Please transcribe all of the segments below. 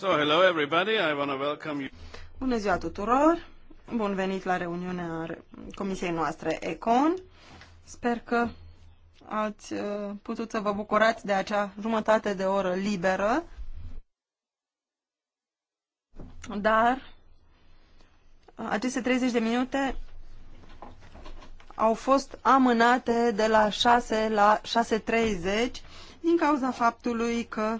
So, hello everybody. I want to welcome you. Bună ziua tuturor. Bun venit la reuniunea comisiei noastre Econ. Sper că ați uh, putut să vă bucurați de acea jumătate de oră liberă. Dar uh, aceste 30 de minute au fost amânate de la 6 la 6.30 din cauza faptului că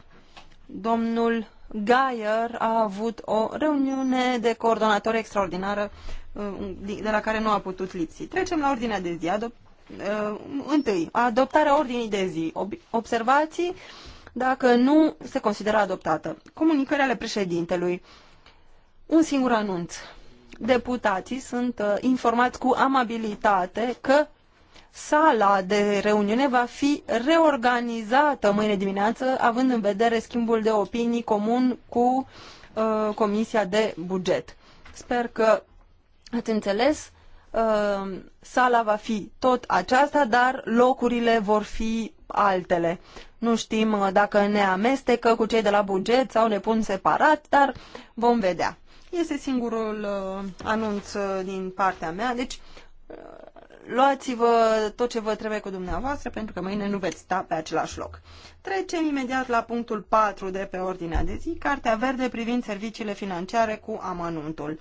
domnul Gaier a avut o reuniune de coordonatori extraordinară uh, de la care nu a putut lipsi. Trecem la ordinea de zi. Adop- uh, întâi, adoptarea ordinii de zi. Observații dacă nu se consideră adoptată. Comunicări ale președintelui. Un singur anunț. Deputații sunt uh, informați cu amabilitate că Sala de reuniune va fi reorganizată mâine dimineață, având în vedere schimbul de opinii comun cu uh, Comisia de Buget. Sper că ați înțeles. Uh, sala va fi tot aceasta, dar locurile vor fi altele. Nu știm uh, dacă ne amestecă cu cei de la buget sau ne pun separat, dar vom vedea. Este singurul uh, anunț uh, din partea mea, deci uh, luați-vă tot ce vă trebuie cu dumneavoastră, pentru că mâine nu veți sta pe același loc. Trecem imediat la punctul 4 de pe ordinea de zi, Cartea Verde privind serviciile financiare cu amănuntul.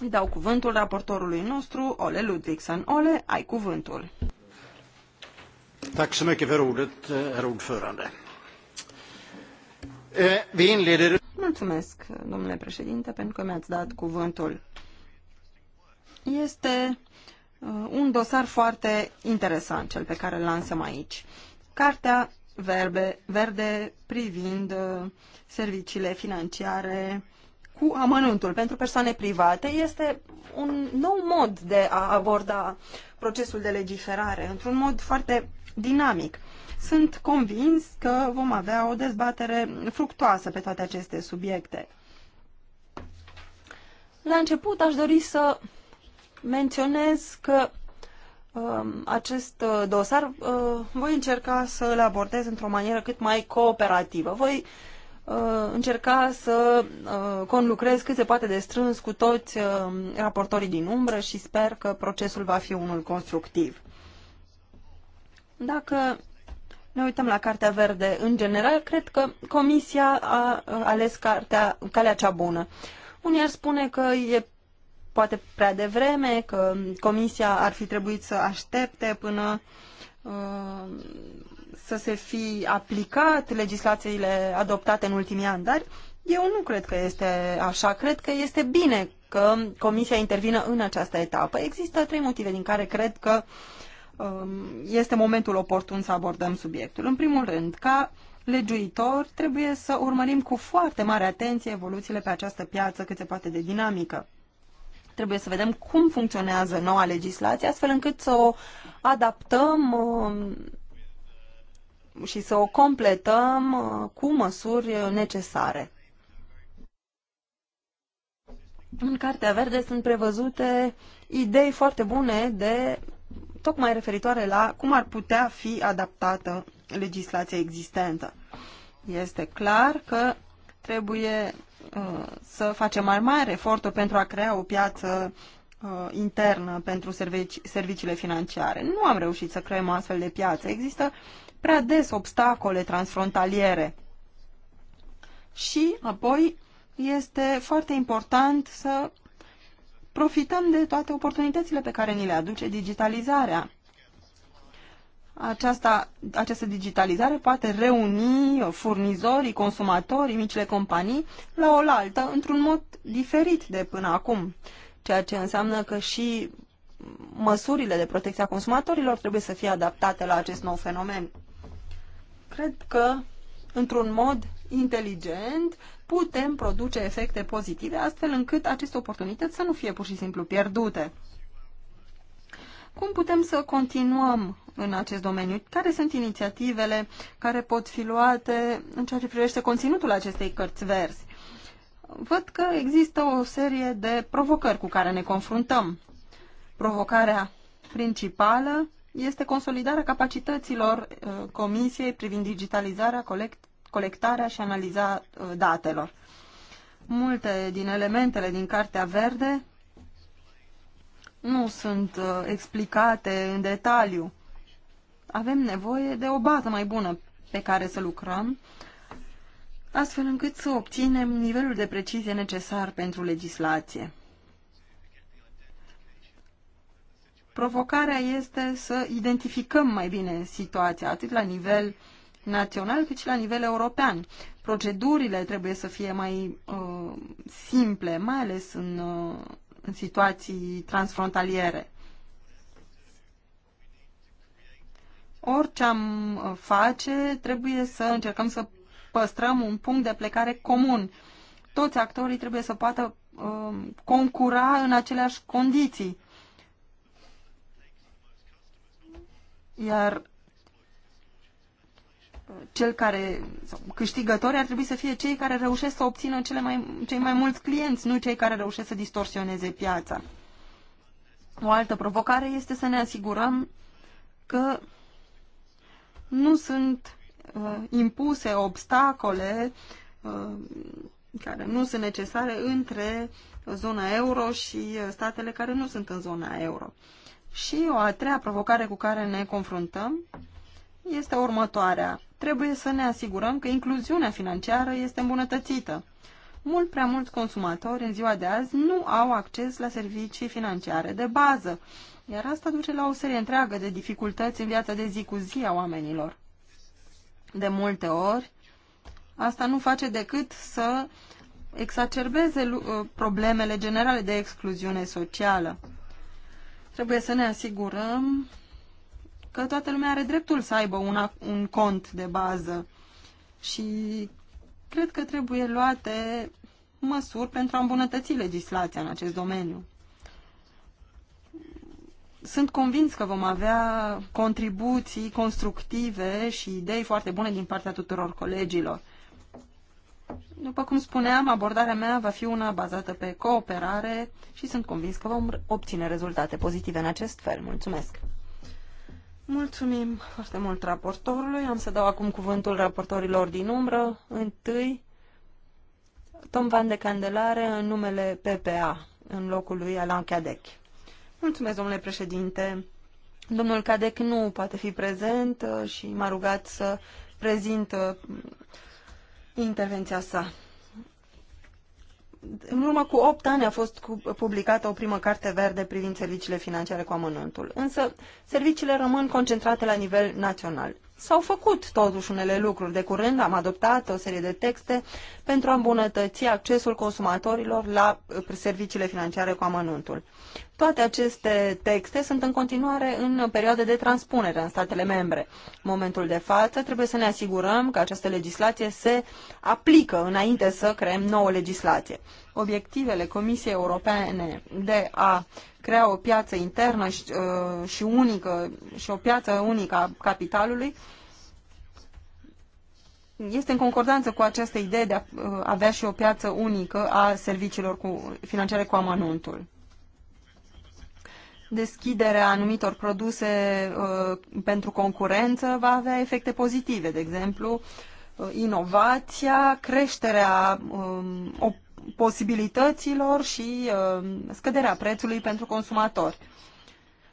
Îi dau cuvântul raportorului nostru, Ole Ludvigsen. Ole, ai cuvântul. Tack så mycket för ordet, eh, herr ordförande. Eh, vi inleder... Mulțumesc, domnule președinte, pentru că mi-ați dat cuvântul. Este uh, un dosar foarte interesant, cel pe care îl lansăm aici. Cartea verbe, verde privind uh, serviciile financiare cu amănuntul pentru persoane private este un nou mod de a aborda procesul de legiferare într-un mod foarte dinamic. Sunt convins că vom avea o dezbatere fructoasă pe toate aceste subiecte. La început aș dori să menționez că um, acest uh, dosar uh, voi încerca să îl abordez într-o manieră cât mai cooperativă. Voi uh, încerca să conlucrez cât se poate de strâns cu toți raportorii din umbră și sper că procesul va fi unul constructiv. Dacă ne uităm la Cartea Verde în general, cred că Comisia a ales cartea, calea cea bună. Unii ar spune că e poate prea devreme, că comisia ar fi trebuit să aștepte până uh, să se fi aplicat legislațiile adoptate în ultimii ani, dar eu nu cred că este așa. Cred că este bine că comisia intervină în această etapă. Există trei motive din care cred că um, este momentul oportun să abordăm subiectul. În primul rând, ca legiuitor trebuie să urmărim cu foarte mare atenție evoluțiile pe această piață cât se poate de dinamică. Trebuie să vedem cum funcționează noua legislație, astfel încât să o adaptăm um, și să o completăm uh, cu măsuri necesare. În Cartea Verde sunt prevăzute idei foarte bune de tocmai referitoare la cum ar putea fi adaptată legislația existentă. Este clar că trebuie să facem mai mari eforturi pentru a crea o piață uh, internă pentru servici, serviciile financiare. Nu am reușit să creăm o astfel de piață. Există prea des obstacole transfrontaliere. Și apoi este foarte important să profităm de toate oportunitățile pe care ni le aduce digitalizarea. Aceasta, această digitalizare poate reuni furnizorii, consumatorii, micile companii la oaltă, într-un mod diferit de până acum, ceea ce înseamnă că și măsurile de protecție a consumatorilor trebuie să fie adaptate la acest nou fenomen. Cred că, într-un mod inteligent, putem produce efecte pozitive, astfel încât aceste oportunități să nu fie pur și simplu pierdute. Cum putem să continuăm în acest domeniu? Care sunt inițiativele care pot fi luate în ceea ce privește conținutul acestei cărți verzi? Văd că există o serie de provocări cu care ne confruntăm. Provocarea principală este consolidarea capacităților uh, Comisiei privind digitalizarea, colect colectarea și analiza uh, datelor. Multe din elementele din Cartea Verde nu sunt uh, explicate în detaliu. Avem nevoie de o bază mai bună pe care să lucrăm, astfel încât să obținem nivelul de precizie necesar pentru legislație. Provocarea este să identificăm mai bine situația, atât la nivel național, cât și la nivel european. Procedurile trebuie să fie mai uh, simple, mai ales în, uh, în situații transfrontaliere. Orice am uh, face, trebuie să încercăm să păstrăm un punct de plecare comun. Toți actorii trebuie să poată uh, concura în aceleași condiții. Iar cel care sau câștigători ar trebui să fie cei care reușesc să obțină cele mai, cei mai mulți clienți, nu cei care reușesc să distorsioneze piața. O altă provocare este să ne asigurăm că nu sunt uh, impuse obstacole uh, care nu sunt necesare între zona euro și uh, statele care nu sunt în zona euro. Și o a treia provocare cu care ne confruntăm este următoarea. Trebuie să ne asigurăm că incluziunea financiară este îmbunătățită. Mult prea mulți consumatori în ziua de azi nu au acces la servicii financiare de bază, iar asta duce la o serie întreagă de dificultăți în viața de zi cu zi a oamenilor. De multe ori, asta nu face decât să exacerbeze uh, problemele generale de excluziune socială. Trebuie să ne asigurăm că toată lumea are dreptul să aibă una, un cont de bază și cred că trebuie luate măsuri pentru a îmbunătăți legislația în acest domeniu. Sunt convins că vom avea contribuții constructive și idei foarte bune din partea tuturor colegilor. După cum spuneam, abordarea mea va fi una bazată pe cooperare și sunt convins că vom obține rezultate pozitive în acest fel. Mulțumesc! Mulțumim foarte mult raportorului. Am să dau acum cuvântul raportorilor din umbră. Întâi, Tom Van de Candelare în numele PPA, în locul lui Alain Cadec. Mulțumesc, domnule președinte. Domnul Cadec nu poate fi prezent uh, și m-a rugat să prezint uh, intervenția sa în urmă cu 8 ani a fost publicată o primă carte verde privind serviciile financiare cu amănuntul, însă serviciile rămân concentrate la nivel național. S-au făcut totuși unele lucruri. De curând am adoptat o serie de texte pentru a îmbunătăți accesul consumatorilor la uh, serviciile financiare cu amănuntul. Toate aceste texte sunt în continuare în perioade de transpunere în statele membre. În momentul de față trebuie să ne asigurăm că această legislație se aplică înainte să creăm nouă legislație. Obiectivele Comisiei Europene de a crea o piață internă și, uh, și unică și o piață unică a capitalului este în concordanță cu această idee de a uh, avea și o piață unică a serviciilor cu, financiare cu amanuntul deschiderea anumitor produse uh, pentru concurență va avea efecte pozitive, de exemplu, uh, inovația, creșterea uh, posibilităților și um, scăderea prețului pentru consumatori.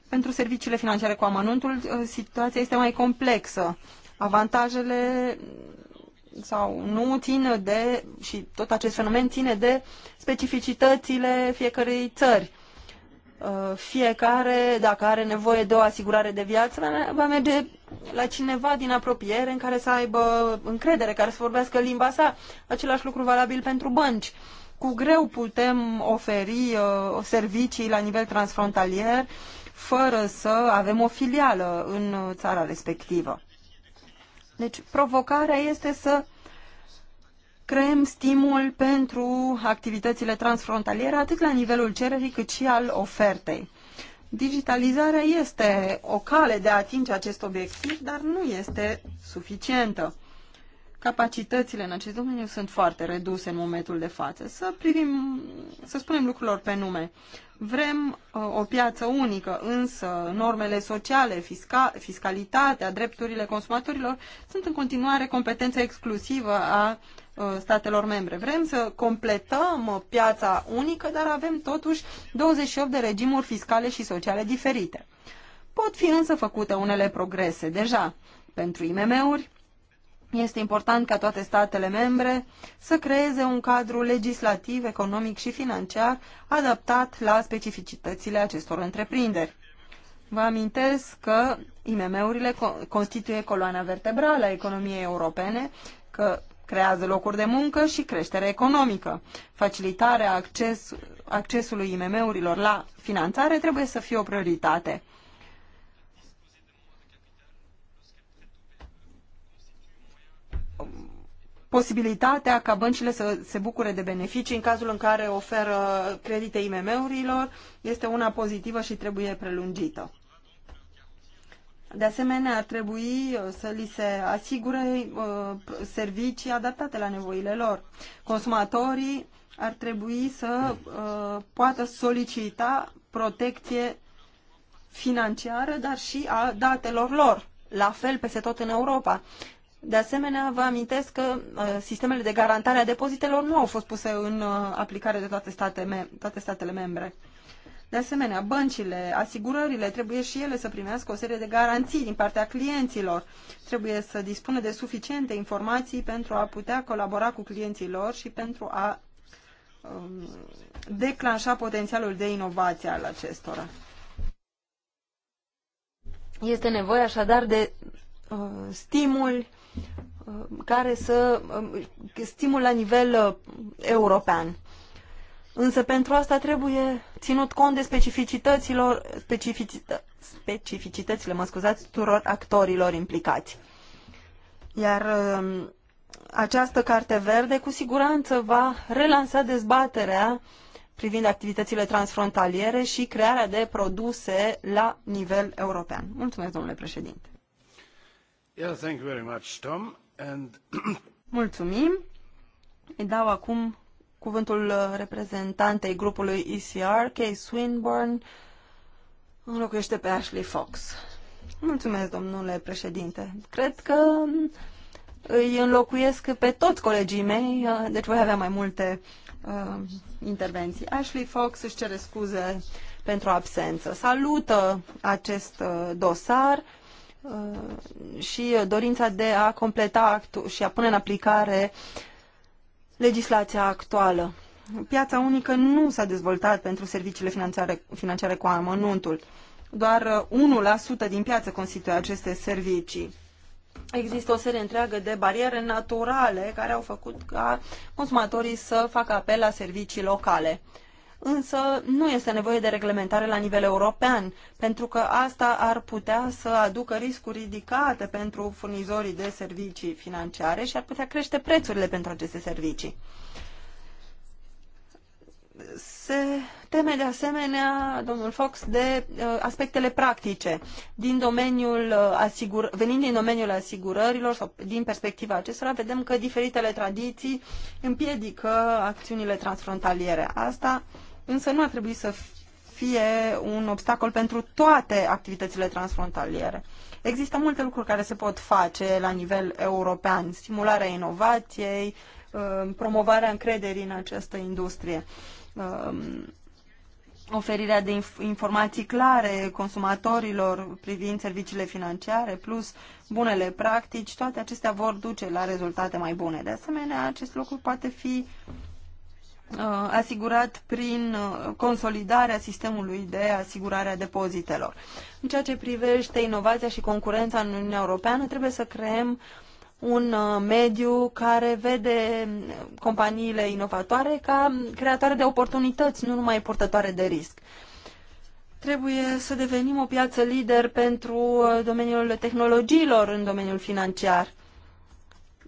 Pentru serviciile financiare cu amănuntul, uh, situația este mai complexă. Avantajele sau nu țin de, și tot acest fenomen ține de specificitățile fiecărei țări Uh, fiecare, dacă are nevoie de o asigurare de viață, va merge la cineva din apropiere în care să aibă încredere, care să vorbească limba sa. Același lucru valabil pentru bănci. Cu greu putem oferi uh, servicii la nivel transfrontalier fără să avem o filială în uh, țara respectivă. Deci provocarea este să creăm stimul pentru activitățile transfrontaliere, atât la nivelul cererii cât și al ofertei. Digitalizarea este o cale de a atinge acest obiectiv, dar nu este suficientă. Capacitățile în acest domeniu sunt foarte reduse în momentul de față. Să privim, să spunem lucrurilor pe nume. Vrem uh, o piață unică, însă normele sociale, fisca, fiscalitatea, drepturile consumatorilor sunt în continuare competența exclusivă a Uh, statelor membre. Vrem să completăm uh, piața unică, dar avem totuși 28 de regimuri fiscale și sociale diferite. Pot fi însă făcute unele progrese deja pentru IMM-uri. Este important ca toate statele membre să creeze un cadru legislativ, economic și financiar adaptat la specificitățile acestor întreprinderi. Vă amintesc că IMM-urile constituie coloana vertebrală a economiei europene, că creează locuri de muncă și creștere economică. Facilitarea acces, accesului IMM-urilor la finanțare trebuie să fie o prioritate. posibilitatea ca băncile să se bucure de beneficii în cazul în care oferă credite IMM-urilor este una pozitivă și trebuie prelungită. De asemenea, ar trebui uh, să li se asigure uh, servicii adaptate la nevoile lor. Consumatorii ar trebui să uh, poată solicita protecție financiară, dar și a datelor lor, la fel peste tot în Europa. De asemenea, vă amintesc că sistemele de garantare a depozitelor nu au fost puse în aplicare de toate, state, toate statele membre. De asemenea, băncile, asigurările trebuie și ele să primească o serie de garanții din partea clienților. Trebuie să dispună de suficiente informații pentru a putea colabora cu clienții lor și pentru a um, declanșa potențialul de inovație al acestora. Este nevoie așadar de uh, stimul uh, care să uh, stimul la nivel uh, european. Însă pentru asta trebuie ținut cont de specificităților, specificită, specificitățile, mă scuzați, tuturor actorilor implicați. Iar um, această carte verde cu siguranță va relansa dezbaterea privind activitățile transfrontaliere și crearea de produse la nivel european. Mulțumesc, domnule președinte. Yeah, thank you very much, Tom. And... Mulțumim. Îi dau acum cuvântul uh, reprezentantei grupului ECR, Kay Swinburne, înlocuiește pe Ashley Fox. Mulțumesc, domnule președinte. Cred că mm, îi înlocuiesc pe toți colegii mei, uh, deci voi avea mai multe uh, intervenții. Ashley Fox își cere scuze pentru absență. Salută acest uh, dosar uh, și uh, dorința de a completa actul și a pune în aplicare uh, legislația actuală. Piața unică nu s-a dezvoltat pentru serviciile financiare, financiare cu amănuntul. Doar 1% uh, din piață constituie aceste servicii. Există o serie întreagă de bariere naturale care au făcut ca consumatorii să facă apel la servicii locale însă nu este nevoie de reglementare la nivel european, pentru că asta ar putea să aducă riscuri ridicate pentru furnizorii de servicii financiare și ar putea crește prețurile pentru aceste servicii. Se teme de asemenea, domnul Fox, de uh, aspectele practice din domeniul uh, asigur, venind din domeniul asigurărilor sau din perspectiva acestora, vedem că diferitele tradiții împiedică acțiunile transfrontaliere. Asta însă nu ar trebui să fie un obstacol pentru toate activitățile transfrontaliere. Există multe lucruri care se pot face la nivel european, stimularea inovației, uh, promovarea încrederii în această industrie, um, oferirea de informații clare consumatorilor privind serviciile financiare, plus bunele practici, toate acestea vor duce la rezultate mai bune. De asemenea, acest lucru poate fi Uh, asigurat prin uh, consolidarea sistemului de asigurare a depozitelor. În ceea ce privește inovația și concurența în Uniunea Europeană, trebuie să creăm un uh, mediu care vede companiile inovatoare ca creatoare de oportunități, nu numai purtătoare de risc. Trebuie să devenim o piață lider pentru domeniul tehnologiilor în domeniul financiar.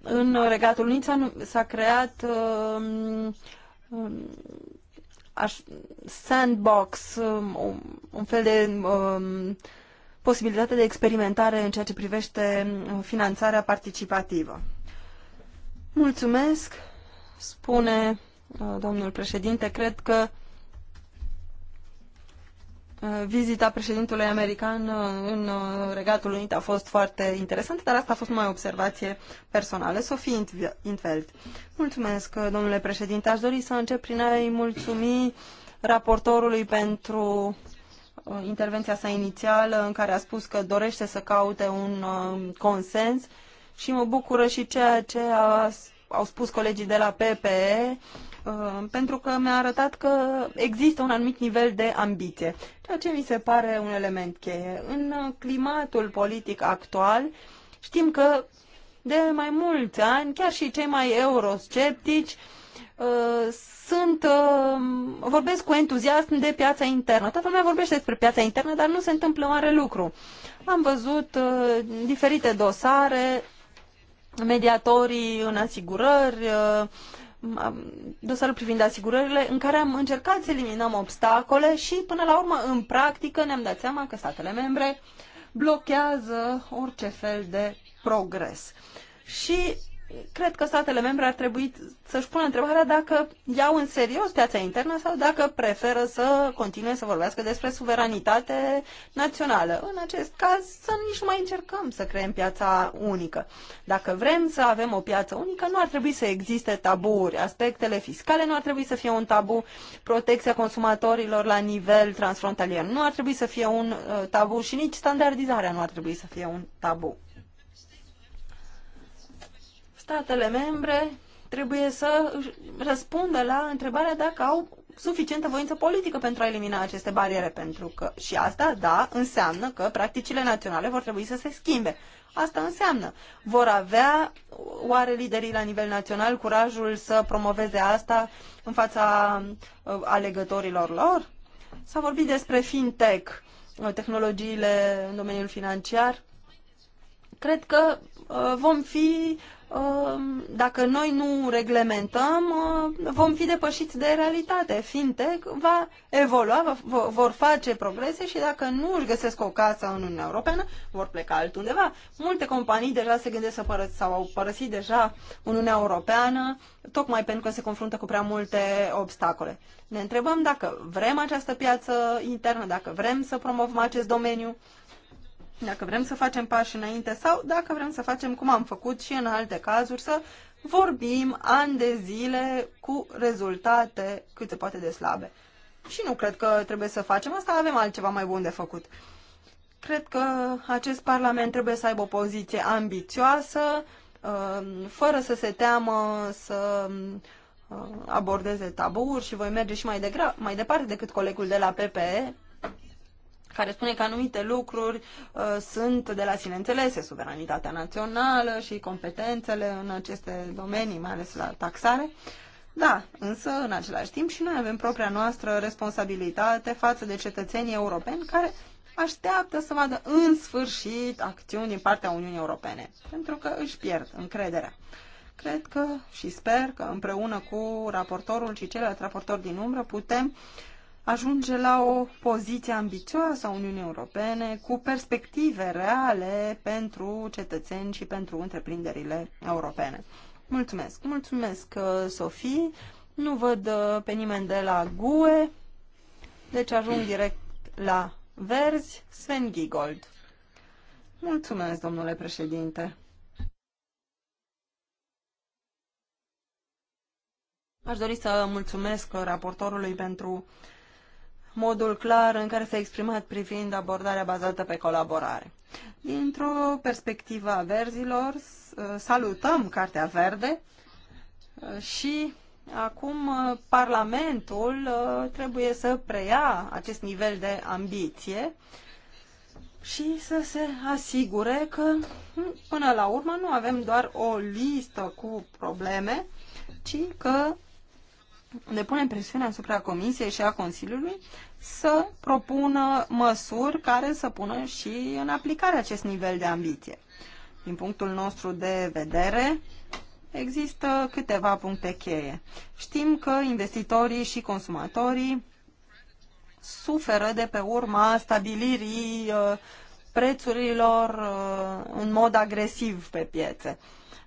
În Regatul Unit s-a creat uh, Um, aș, sandbox, um, un fel de um, posibilitate de experimentare în ceea ce privește um, finanțarea participativă. Mulțumesc, spune uh, domnul președinte, cred că Eh, vizita președintului american eh, în eh, Regatul Unit a fost foarte interesantă, dar asta a fost numai o observație personală. Sofie Intveld. Mulțumesc, domnule președinte. Aș dori să încep prin a-i mulțumi raportorului pentru intervenția sa inițială în care a spus că dorește să caute un consens și mă bucură și ceea ce a, au spus colegii de la PPE Uh, pentru că mi-a arătat că există un anumit nivel de ambiție, ceea ce mi se pare un element cheie. În climatul politic actual știm că de mai mulți ani, chiar și cei mai eurosceptici, uh, sunt, uh, vorbesc cu entuziasm de piața internă. Toată lumea vorbește despre piața internă, dar nu se întâmplă mare lucru. Am văzut diferite dosare, mediatorii în asigurări, dosarul privind asigurările, în care am încercat să eliminăm obstacole și, până la urmă, în practică ne-am dat seama că statele membre blochează orice fel de progres. Și cred că statele membre ar trebui să-și pună întrebarea dacă iau în serios piața internă sau dacă preferă să continue să vorbească despre suveranitate națională. În acest caz, să nici nu mai încercăm să creăm piața unică. Dacă vrem să avem o piață unică, nu ar trebui să existe taburi. Aspectele fiscale nu ar trebui să fie un tabu. Protecția consumatorilor la nivel transfrontalier nu ar trebui să fie un uh, tabu și nici standardizarea nu ar trebui să fie un tabu statele membre trebuie să răspundă la întrebarea dacă au suficientă voință politică pentru a elimina aceste bariere, pentru că și asta, da, înseamnă că practicile naționale vor trebui să se schimbe. Asta înseamnă. Vor avea oare liderii la nivel național curajul să promoveze asta în fața uh, alegătorilor lor? S-a vorbit despre fintech, uh, tehnologiile în domeniul financiar. Cred că uh, vom fi Um, dacă noi nu reglementăm, uh, vom fi depășiți de realitate. Fintech va evolua, vor face progrese și dacă nu își găsesc o casă în Uniunea Europeană, vor pleca altundeva. Multe companii deja se gândesc să părăs sau au părăsit deja Uniunea Europeană, tocmai pentru că se confruntă cu prea multe obstacole. Ne întrebăm dacă vrem această piață internă, dacă vrem să promovăm acest domeniu dacă vrem să facem pași înainte sau dacă vrem să facem cum am făcut și în alte cazuri, să vorbim ani de zile cu rezultate cât se poate de slabe. Și nu cred că trebuie să facem asta, avem altceva mai bun de făcut. Cred că acest Parlament trebuie să aibă o poziție ambițioasă, uh, fără să se teamă să uh, abordeze tabouri și voi merge și mai, degra- mai departe decât colegul de la PPE, care spune că anumite lucruri uh, sunt de la sine înțelese, suveranitatea națională și competențele în aceste domenii, mai ales la taxare. Da, însă, în același timp, și noi avem propria noastră responsabilitate față de cetățenii europeni care așteaptă să vadă în sfârșit acțiuni din partea Uniunii Europene, pentru că își pierd încrederea. Cred că și sper că împreună cu raportorul și celălalt raportor din umbră putem uh, ajunge la o poziție ambițioasă a Uniunii Europene cu perspective reale pentru cetățeni și pentru întreprinderile europene. Mulțumesc! Mulțumesc, uh, Sofie! Nu văd uh, pe nimeni de la GUE, deci ajung direct la Verzi, Sven Gigold. Mulțumesc, domnule președinte! Aș dori să mulțumesc raportorului pentru uh, modul clar în care s-a exprimat privind abordarea bazată pe colaborare. Dintr-o perspectivă a verzilor, uh, salutăm Cartea Verde uh, și acum uh, Parlamentul trebuie să preia acest nivel de ambiție și să se asigure că până la urmă nu avem doar o listă cu probleme, ci că punem presiune asupra Comisiei și a Consiliului să propună măsuri care să pună și în aplicare acest nivel de ambiție. Din punctul nostru de vedere, există câteva puncte cheie. Știm că investitorii și consumatorii suferă de pe urma stabilirii uh, prețurilor uh, în mod agresiv pe piețe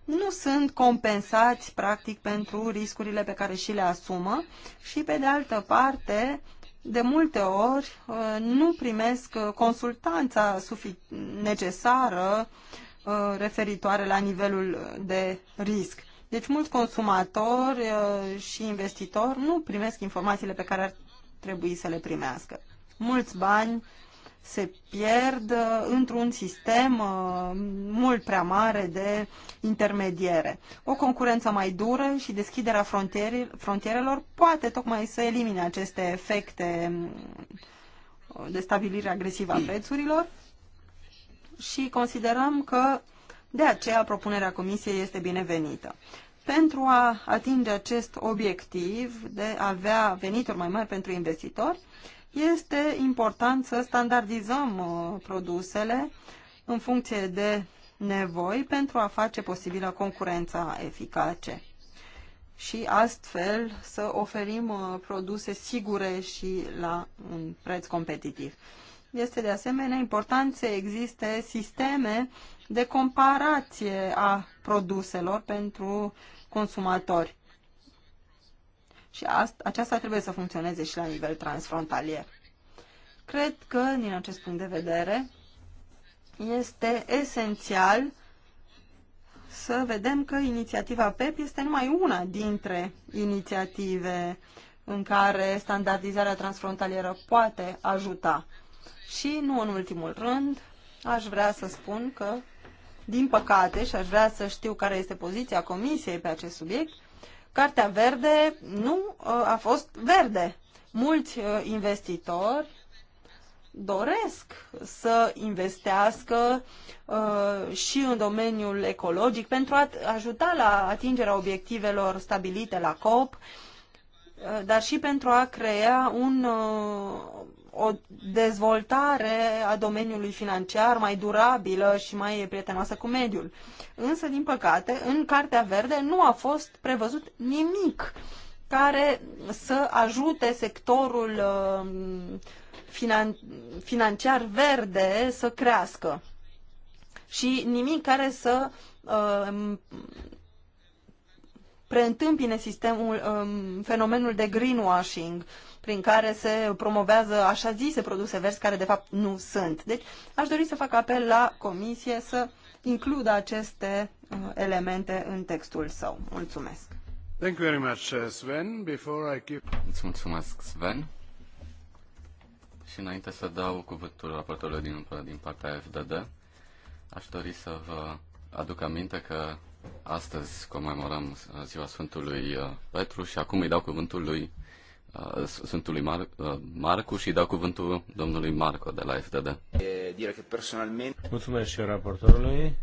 nu sunt compensați, practic, pentru riscurile pe care și le asumă și, pe de altă parte, de multe ori uh, nu primesc uh, consultanța necesară uh, referitoare la nivelul de risc. Deci mulți consumatori și investitori nu primesc informațiile pe care ar trebui să le primească. Mulți bani se pierd uh, într-un sistem uh, mult prea mare de intermediere. O concurență mai dură și deschiderea frontierelor poate tocmai să elimine aceste efecte mm, de stabilire agresivă a prețurilor și considerăm că de aceea propunerea Comisiei este binevenită. Pentru a atinge acest obiectiv de a avea venituri mai mari pentru investitori, este important să standardizăm uh, produsele în funcție de nevoi pentru a face posibilă concurența eficace și astfel să oferim uh, produse sigure și la un preț competitiv. Este de asemenea important să existe sisteme de comparație a produselor pentru consumatori și asta, aceasta trebuie să funcționeze și la nivel transfrontalier. Cred că, din acest punct de vedere, este esențial să vedem că inițiativa PEP este numai una dintre inițiative în care standardizarea transfrontalieră poate ajuta. Și, nu în ultimul rând, aș vrea să spun că, din păcate, și aș vrea să știu care este poziția Comisiei pe acest subiect, Cartea verde nu ă, a fost verde. Mulți ă, investitori doresc să investească uh, și în domeniul ecologic pentru a ajuta la atingerea obiectivelor stabilite la COP, uh, dar și pentru a crea un, uh, o dezvoltare a domeniului financiar mai durabilă și mai prietenoasă cu mediul. Însă, din păcate, în Cartea Verde nu a fost prevăzut nimic care să ajute sectorul um, finan financiar verde să crească și nimic care să um, preîntâmpine sistemul, um, fenomenul de greenwashing prin care se promovează așa zise produse verzi care de fapt nu sunt. Deci aș dori să fac apel la comisie să includă aceste uh, elemente în textul său. Mulțumesc! Thank you very much, uh, Sven. Before I give... Îți mulțumesc, Sven. Și înainte să dau cuvântul raportului din, din partea FDD, aș dori să vă aduc aminte că astăzi comemorăm uh, ziua Sfântului Petru și acum îi dau cuvântul lui Sfântului Mar- uh, Marcu și dau cuvântul domnului Marco de la FDD. Mulțumesc și raportorului.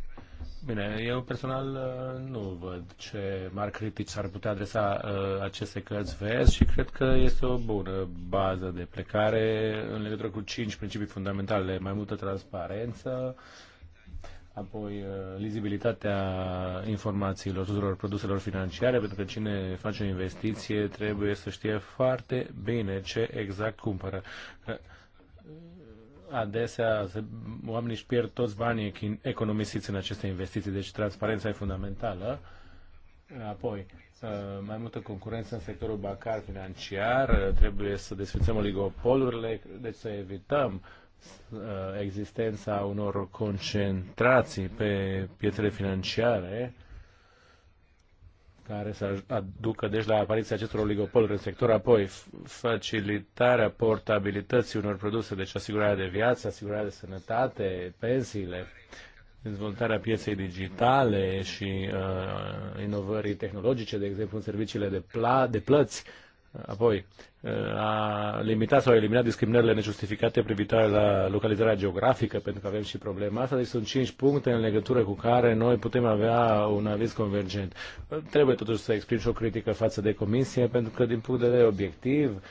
Bine, eu personal uh, nu văd ce mari critici s-ar putea adresa uh, aceste cărți VS și cred că este o bună bază de plecare în legătură cu cinci principii fundamentale, mai multă transparență, apoi uh, lizibilitatea informațiilor tuturor produselor financiare, pentru că cine face o investiție trebuie să știe foarte bine ce exact cumpără. Uh, adesea oamenii își pierd toți banii economisiți în aceste investiții, deci transparența e fundamentală. Apoi, uh, mai multă concurență în sectorul bancar financiar, trebuie să desfințăm oligopolurile, deci să evităm uh, Uh, existența unor concentrații pe piețele financiare care să aducă deci la apariția acestor oligopoluri în sector, apoi facilitarea portabilității unor produse, deci asigurarea de viață, asigurarea de sănătate, pensiile, dezvoltarea pieței digitale și uh, inovării tehnologice, de exemplu în serviciile de, pla- de plăți, Apoi, a limitat sau a eliminat discriminările nejustificate privitoare la localizarea geografică, pentru că avem și problema asta. Deci sunt cinci puncte în legătură cu care noi putem avea un aviz convergent. Trebuie totuși să exprim și o critică față de comisie, pentru că din punct de vedere obiectiv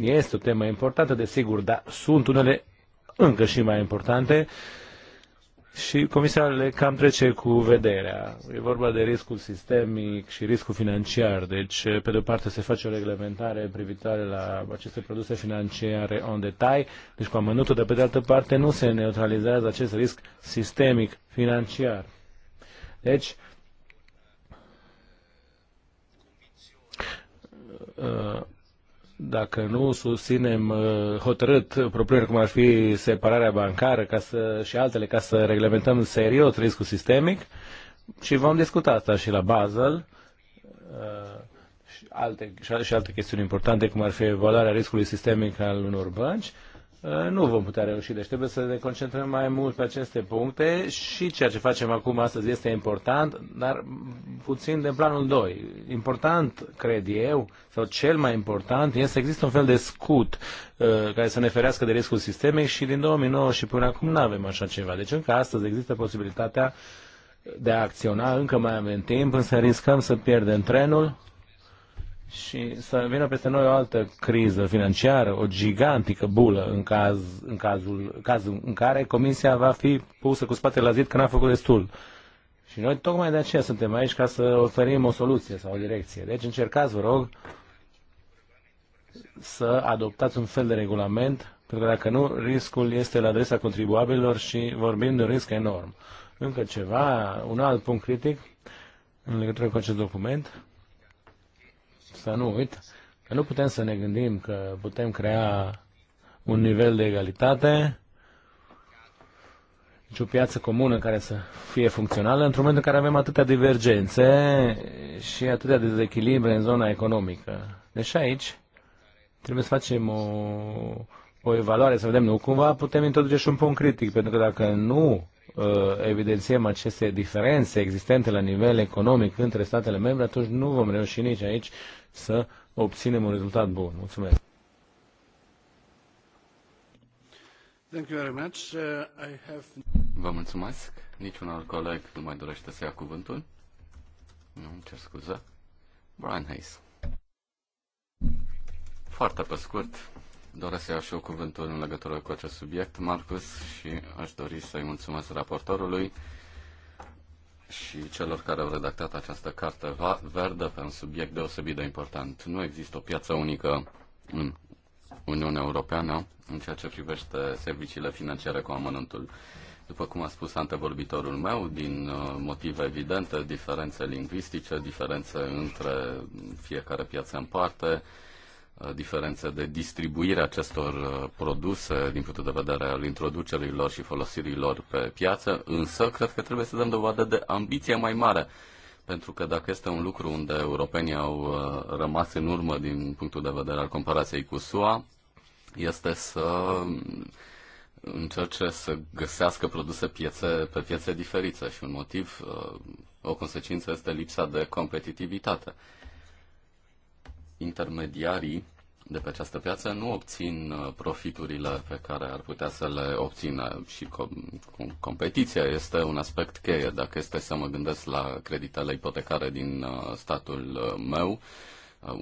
este o temă importantă, desigur, dar sunt unele încă și mai importante. Uh, și Comisia le cam trece cu vederea. E vorba de riscul sistemic și riscul financiar. Deci, pe de o parte, se face o reglementare privitoare la aceste produse financiare în detai, deci cu amănutul, dar pe de altă parte nu se neutralizează acest risc sistemic financiar. Deci, uh, dacă nu susținem uh, hotărât propuneri cum ar fi separarea bancară ca să, și altele ca să reglementăm serios riscul sistemic și vom discuta asta și la Basel uh, și alte, și alte chestiuni importante cum ar fi evaluarea riscului sistemic al unor bănci Uh, nu vom putea reuși. Deci trebuie să ne concentrăm mai mult pe aceste puncte și ceea ce facem acum astăzi este important, dar puțin de planul 2. Important, cred eu, sau cel mai important, este să există un fel de scut uh, care să ne ferească de riscul sistemic și din 2009 și până acum nu avem așa ceva. Deci încă astăzi există posibilitatea de a acționa, încă mai avem timp, însă riscăm să pierdem trenul și să vină peste noi o altă criză financiară, o gigantică bulă în, caz, în, cazul, cazul în care Comisia va fi pusă cu spatele la zid că n-a făcut destul. Și noi tocmai de aceea suntem aici ca să oferim o soluție sau o direcție. Deci încercați, vă rog, să adoptați un fel de regulament, pentru că dacă nu, riscul este la adresa contribuabililor și vorbim de un risc enorm. Încă ceva, un alt punct critic în legătură cu acest document să nu uit că nu putem să ne gândim că putem crea un nivel de egalitate, și o piață comună care să fie funcțională, într-un moment în care avem atâtea divergențe și atâtea dezechilibre în zona economică. Deci aici trebuie să facem o, o evaluare, să vedem, nu cumva putem introduce și un punct critic, pentru că dacă nu uh, evidențiem aceste diferențe existente la nivel economic între statele membre, atunci nu vom reuși nici aici să obținem un rezultat bun. Mulțumesc! Thank you very much. Uh, I have... Vă mulțumesc. Niciun alt coleg nu mai dorește să ia cuvântul. Nu, îmi cer scuze. Brian Hayes. Foarte pe scurt, doresc să iau și eu cuvântul în legătură cu acest subiect, Marcus, și aș dori să-i mulțumesc raportorului și celor care au redactat această carte verde pe un subiect deosebit de important. Nu există o piață unică în Uniunea Europeană în ceea ce privește serviciile financiare cu amănântul. După cum a spus antevorbitorul meu, din uh, motive evidente, diferențe lingvistice, diferențe între fiecare piață în parte, Uh, diferențe de distribuire acestor uh, produse din punctul de vedere al introducerii lor și folosirii lor pe piață, însă cred că trebuie să dăm dovadă de ambiție mai mare. Pentru că dacă este un lucru unde europenii au uh, rămas în urmă din punctul de vedere al comparației cu SUA, este să um, încerce să găsească produse piețe, pe piețe diferite și un motiv, o consecință este lipsa de competitivitate intermediarii de pe această piață nu obțin uh, profiturile pe care ar putea să le obțină și com- competiția este un aspect cheie. Dacă este să mă gândesc la creditele ipotecare din uh, statul uh, meu,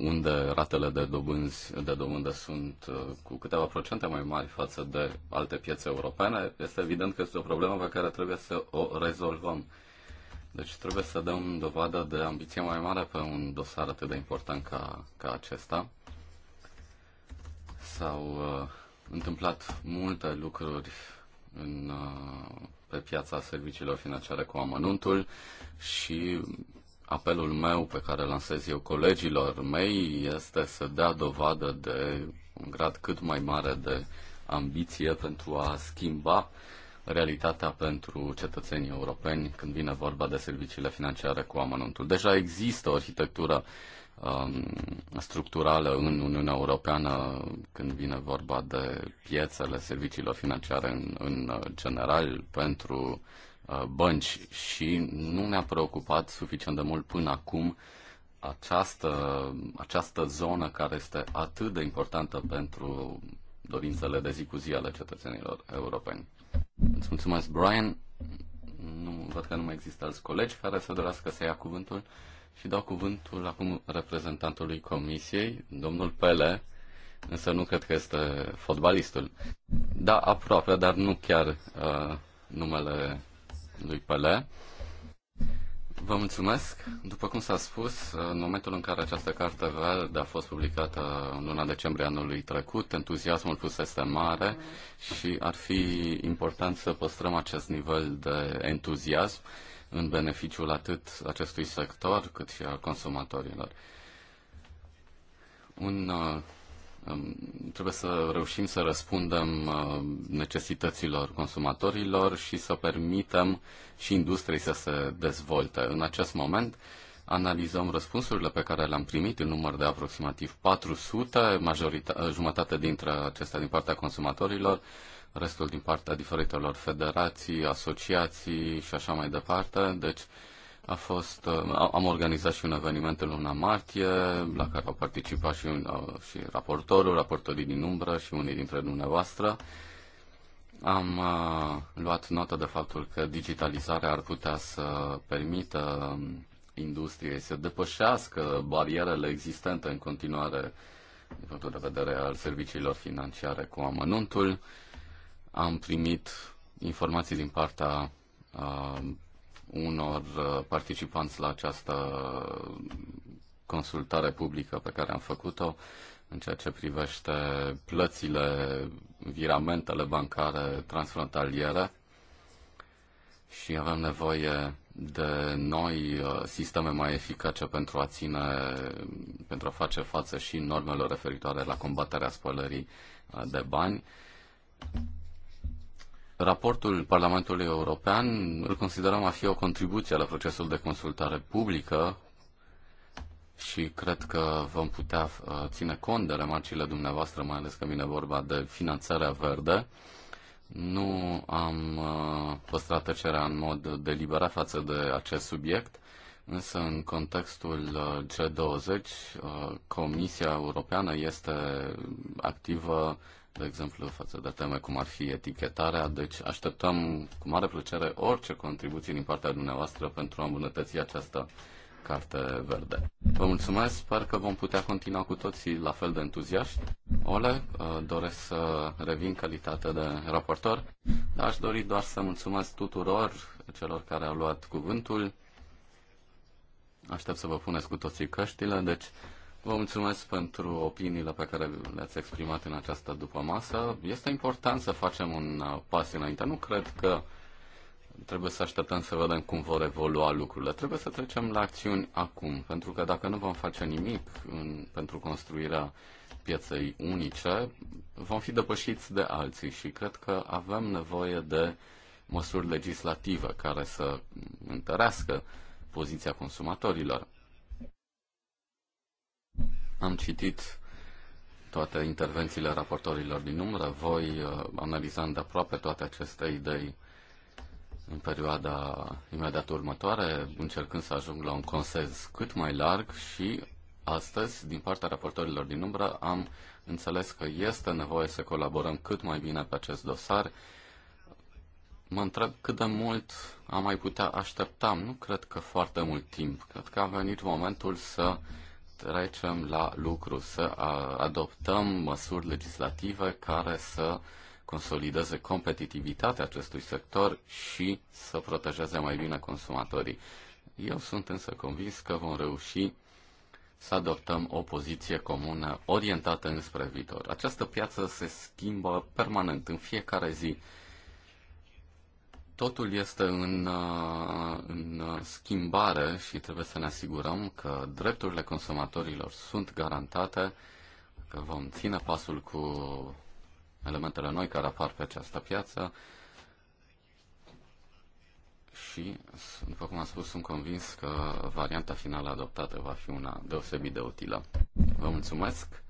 unde ratele de dobânzi de dobândă sunt cu câteva procente mai mari față de alte piețe europene, este evident că este o problemă pe care trebuie să o rezolvăm. Deci trebuie să dăm dovadă de ambiție mai mare pe un dosar atât de important ca, ca acesta. S-au uh, întâmplat multe lucruri în, uh, pe piața serviciilor financiare cu amănuntul și apelul meu pe care lansez eu colegilor mei este să dea dovadă de un grad cât mai mare de ambiție pentru a schimba uh, realitatea pentru cetățenii europeni când vine vorba de serviciile financiare cu amănuntul. Deja există o arhitectură um, structurală în Uniunea Europeană când vine vorba de piețele serviciilor financiare în, în general pentru uh, bănci și nu ne-a preocupat suficient de mult până acum această, această zonă care este atât de importantă pentru dorințele de zi cu zi ale cetățenilor europeni. Îți mulțumesc, Brian. Nu, văd că nu mai există alți colegi care să dorească să ia cuvântul și dau cuvântul acum reprezentantului comisiei, domnul Pele, însă nu cred că este fotbalistul. Da, aproape, dar nu chiar uh, numele lui Pele. Uh, Vă mulțumesc. După cum s-a spus, în momentul în care această carte verde a fost publicată în luna decembrie anului trecut, entuziasmul fusese mare și ar fi important să păstrăm acest nivel de entuziasm în beneficiul atât acestui sector cât și al consumatorilor. Un uh, Trebuie să reușim să răspundem uh, necesităților consumatorilor și să permitem și industriei să se dezvolte. În acest moment analizăm răspunsurile pe care le-am primit în număr de aproximativ 400, majorita- uh, jumătate dintre acestea din partea consumatorilor, restul din partea diferitelor federații, asociații și așa mai departe. Deci a fost, uh, am organizat și un eveniment în luna martie, la care au participat și, uh, și raportorul, raportorii din umbră și unii dintre dumneavoastră. Am uh, luat notă de faptul că digitalizarea ar putea să permită industriei să depășească barierele existente în continuare din punctul de vedere al serviciilor financiare cu amănuntul. Am primit informații din partea unor uh, participanți la această consultare publică pe care am făcut-o în ceea ce privește plățile, viramentele bancare transfrontaliere și avem nevoie de noi uh, sisteme mai eficace pentru a ține, pentru a face față și normelor referitoare la combaterea spălării uh, de bani. Raportul Parlamentului European îl considerăm a fi o contribuție la procesul de consultare publică și cred că vom putea uh, ține cont de remarcile dumneavoastră, mai ales că vine vorba de finanțarea verde. Nu am uh, păstrat tăcerea în mod deliberat față de acest subiect, însă în contextul uh, G20, Comisia Europeană este activă de exemplu, față de teme cum ar fi etichetarea. Deci așteptăm cu mare plăcere orice contribuție din partea dumneavoastră pentru a îmbunătăți această carte verde. Vă mulțumesc, sper că vom putea continua cu toții la fel de entuziaști. Ole, uh, doresc să revin calitate de raportor, dar aș dori doar să mulțumesc tuturor celor care au luat cuvântul. Aștept să vă puneți cu toții căștile, deci Vă mulțumesc pentru opiniile pe care le-ați exprimat în această dupămasă. Este important să facem un uh, pas înainte. Nu cred că trebuie să așteptăm să vedem cum vor evolua lucrurile. Trebuie să trecem la acțiuni acum, pentru că dacă nu vom face nimic în, pentru construirea pieței unice, vom fi depășiți de alții și cred că avem nevoie de măsuri legislative care să întărească poziția consumatorilor. Am citit toate intervențiile raportorilor din umbră. Voi uh, analizând de aproape toate aceste idei în perioada imediat următoare, încercând să ajung la un consens cât mai larg și astăzi, din partea raportorilor din umbră, am înțeles că este nevoie să colaborăm cât mai bine pe acest dosar. Mă întreb cât de mult am mai putea aștepta. Nu cred că foarte mult timp. Cred că a venit momentul să trecem la lucru, să adoptăm măsuri legislative care să consolideze competitivitatea acestui sector și să protejeze mai bine consumatorii. Eu sunt însă convins că vom reuși să adoptăm o poziție comună orientată înspre viitor. Această piață se schimbă permanent, în fiecare zi. Totul este în, uh, în schimbare și trebuie să ne asigurăm că drepturile consumatorilor sunt garantate, că vom ține pasul cu elementele noi care apar pe această piață și, după cum am spus, sunt convins că varianta finală adoptată va fi una deosebit de utilă. Vă mulțumesc,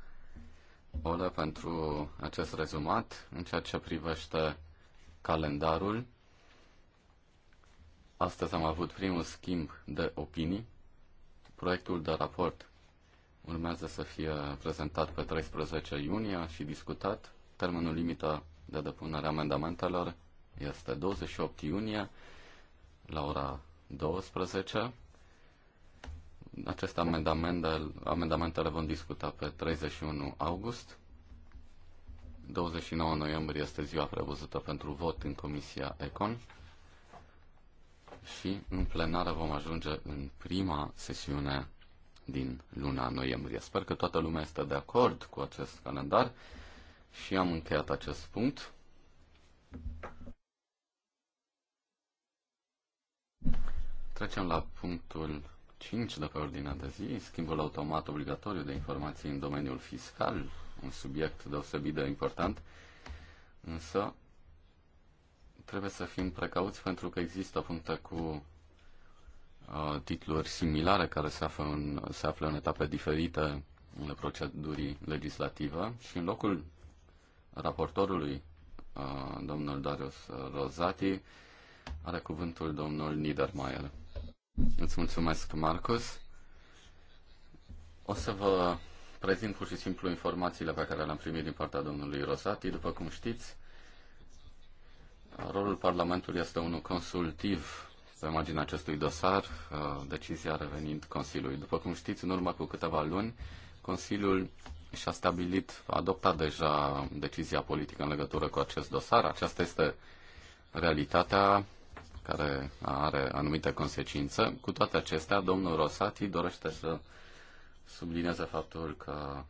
Ola, pentru acest rezumat în ceea ce privește calendarul. Astăzi am avut primul schimb de opinii. Proiectul de raport urmează să fie prezentat pe 13 iunie și discutat. Termenul limită de depunere amendamentelor este 28 iunie la ora 12. Aceste amendamente, amendamentele vom discuta pe 31 august. 29 noiembrie este ziua prevăzută pentru vot în Comisia Econ și în plenară vom ajunge în prima sesiune din luna noiembrie. Sper că toată lumea este de acord cu acest calendar și am încheiat acest punct. Trecem la punctul 5 de pe ordinea de zi, schimbul automat obligatoriu de informații în domeniul fiscal, un subiect deosebit de important, însă trebuie să fim precauți pentru că există puncte cu uh, titluri similare care se află în, se află în etape diferite în procedurii legislative și în locul raportorului, uh, domnul Darius Rozati, are cuvântul domnul Niedermayer. Îți mulțumesc, Marcus. O să vă prezint pur și simplu informațiile pe care le-am primit din partea domnului Rosati. După cum știți, Rolul Parlamentului este unul consultiv pe marginea acestui dosar, uh, decizia revenind Consiliului. După cum știți, în urmă cu câteva luni, Consiliul și-a stabilit, a adoptat deja decizia politică în legătură cu acest dosar. Aceasta este realitatea care are anumite consecințe. Cu toate acestea, domnul Rosati dorește să sublinieze faptul că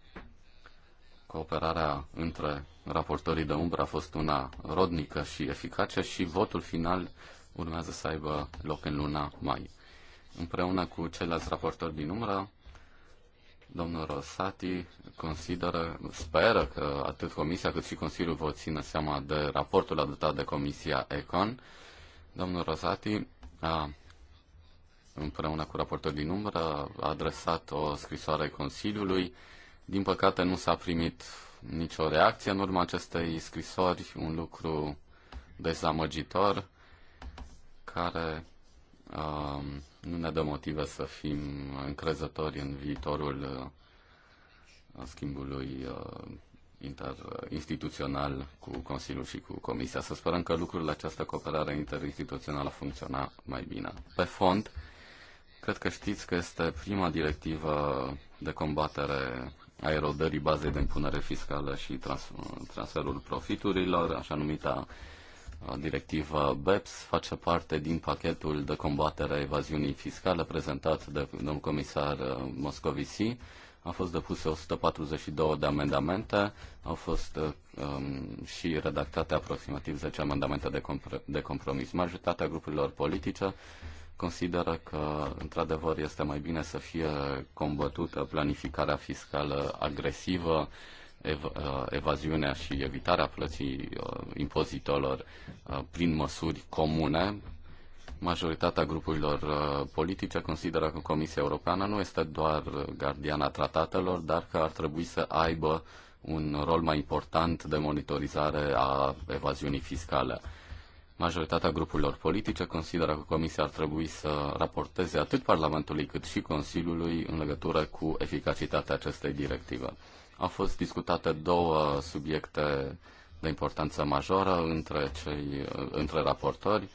Cooperarea între raportorii de umbră a fost una rodnică și eficace și votul final urmează să aibă loc în luna mai. Împreună cu ceilalți raportori din umbră, domnul Rosati consideră, speră că atât Comisia cât și Consiliul vă țină seama de raportul adoptat de Comisia ECON. Domnul Rosati a, împreună cu raportul din umbră a adresat o scrisoare Consiliului din păcate nu s-a primit nicio reacție în urma acestei scrisori, un lucru dezamăgitor care uh, nu ne dă motive să fim încrezători în viitorul uh, schimbului uh, interinstituțional cu Consiliul și cu Comisia. Să sperăm că lucrurile această cooperare interinstituțională funcționa mai bine. Pe fond, cred că știți că este prima directivă de combatere erodării bazei de impunere fiscală și trans- transferul profiturilor, așa numita uh, directivă BEPS, face parte din pachetul de combatere a evaziunii fiscale prezentat de domnul comisar uh, Moscovici. Au fost depuse 142 de amendamente, au fost uh, um, și redactate aproximativ 10 amendamente de, compr- de compromis. Majoritatea grupurilor politice consideră că, într-adevăr, este mai bine să fie combătută planificarea fiscală agresivă, ev- uh, evaziunea și evitarea plății uh, impozitelor uh, prin măsuri comune. Majoritatea grupurilor politice consideră că Comisia Europeană nu este doar gardiana tratatelor, dar că ar trebui să aibă un rol mai important de monitorizare a evaziunii fiscale. Majoritatea grupurilor politice consideră că Comisia ar trebui să raporteze atât Parlamentului cât și Consiliului în legătură cu eficacitatea acestei directive. Au fost discutate două subiecte de importanță majoră între, cei, între raportori.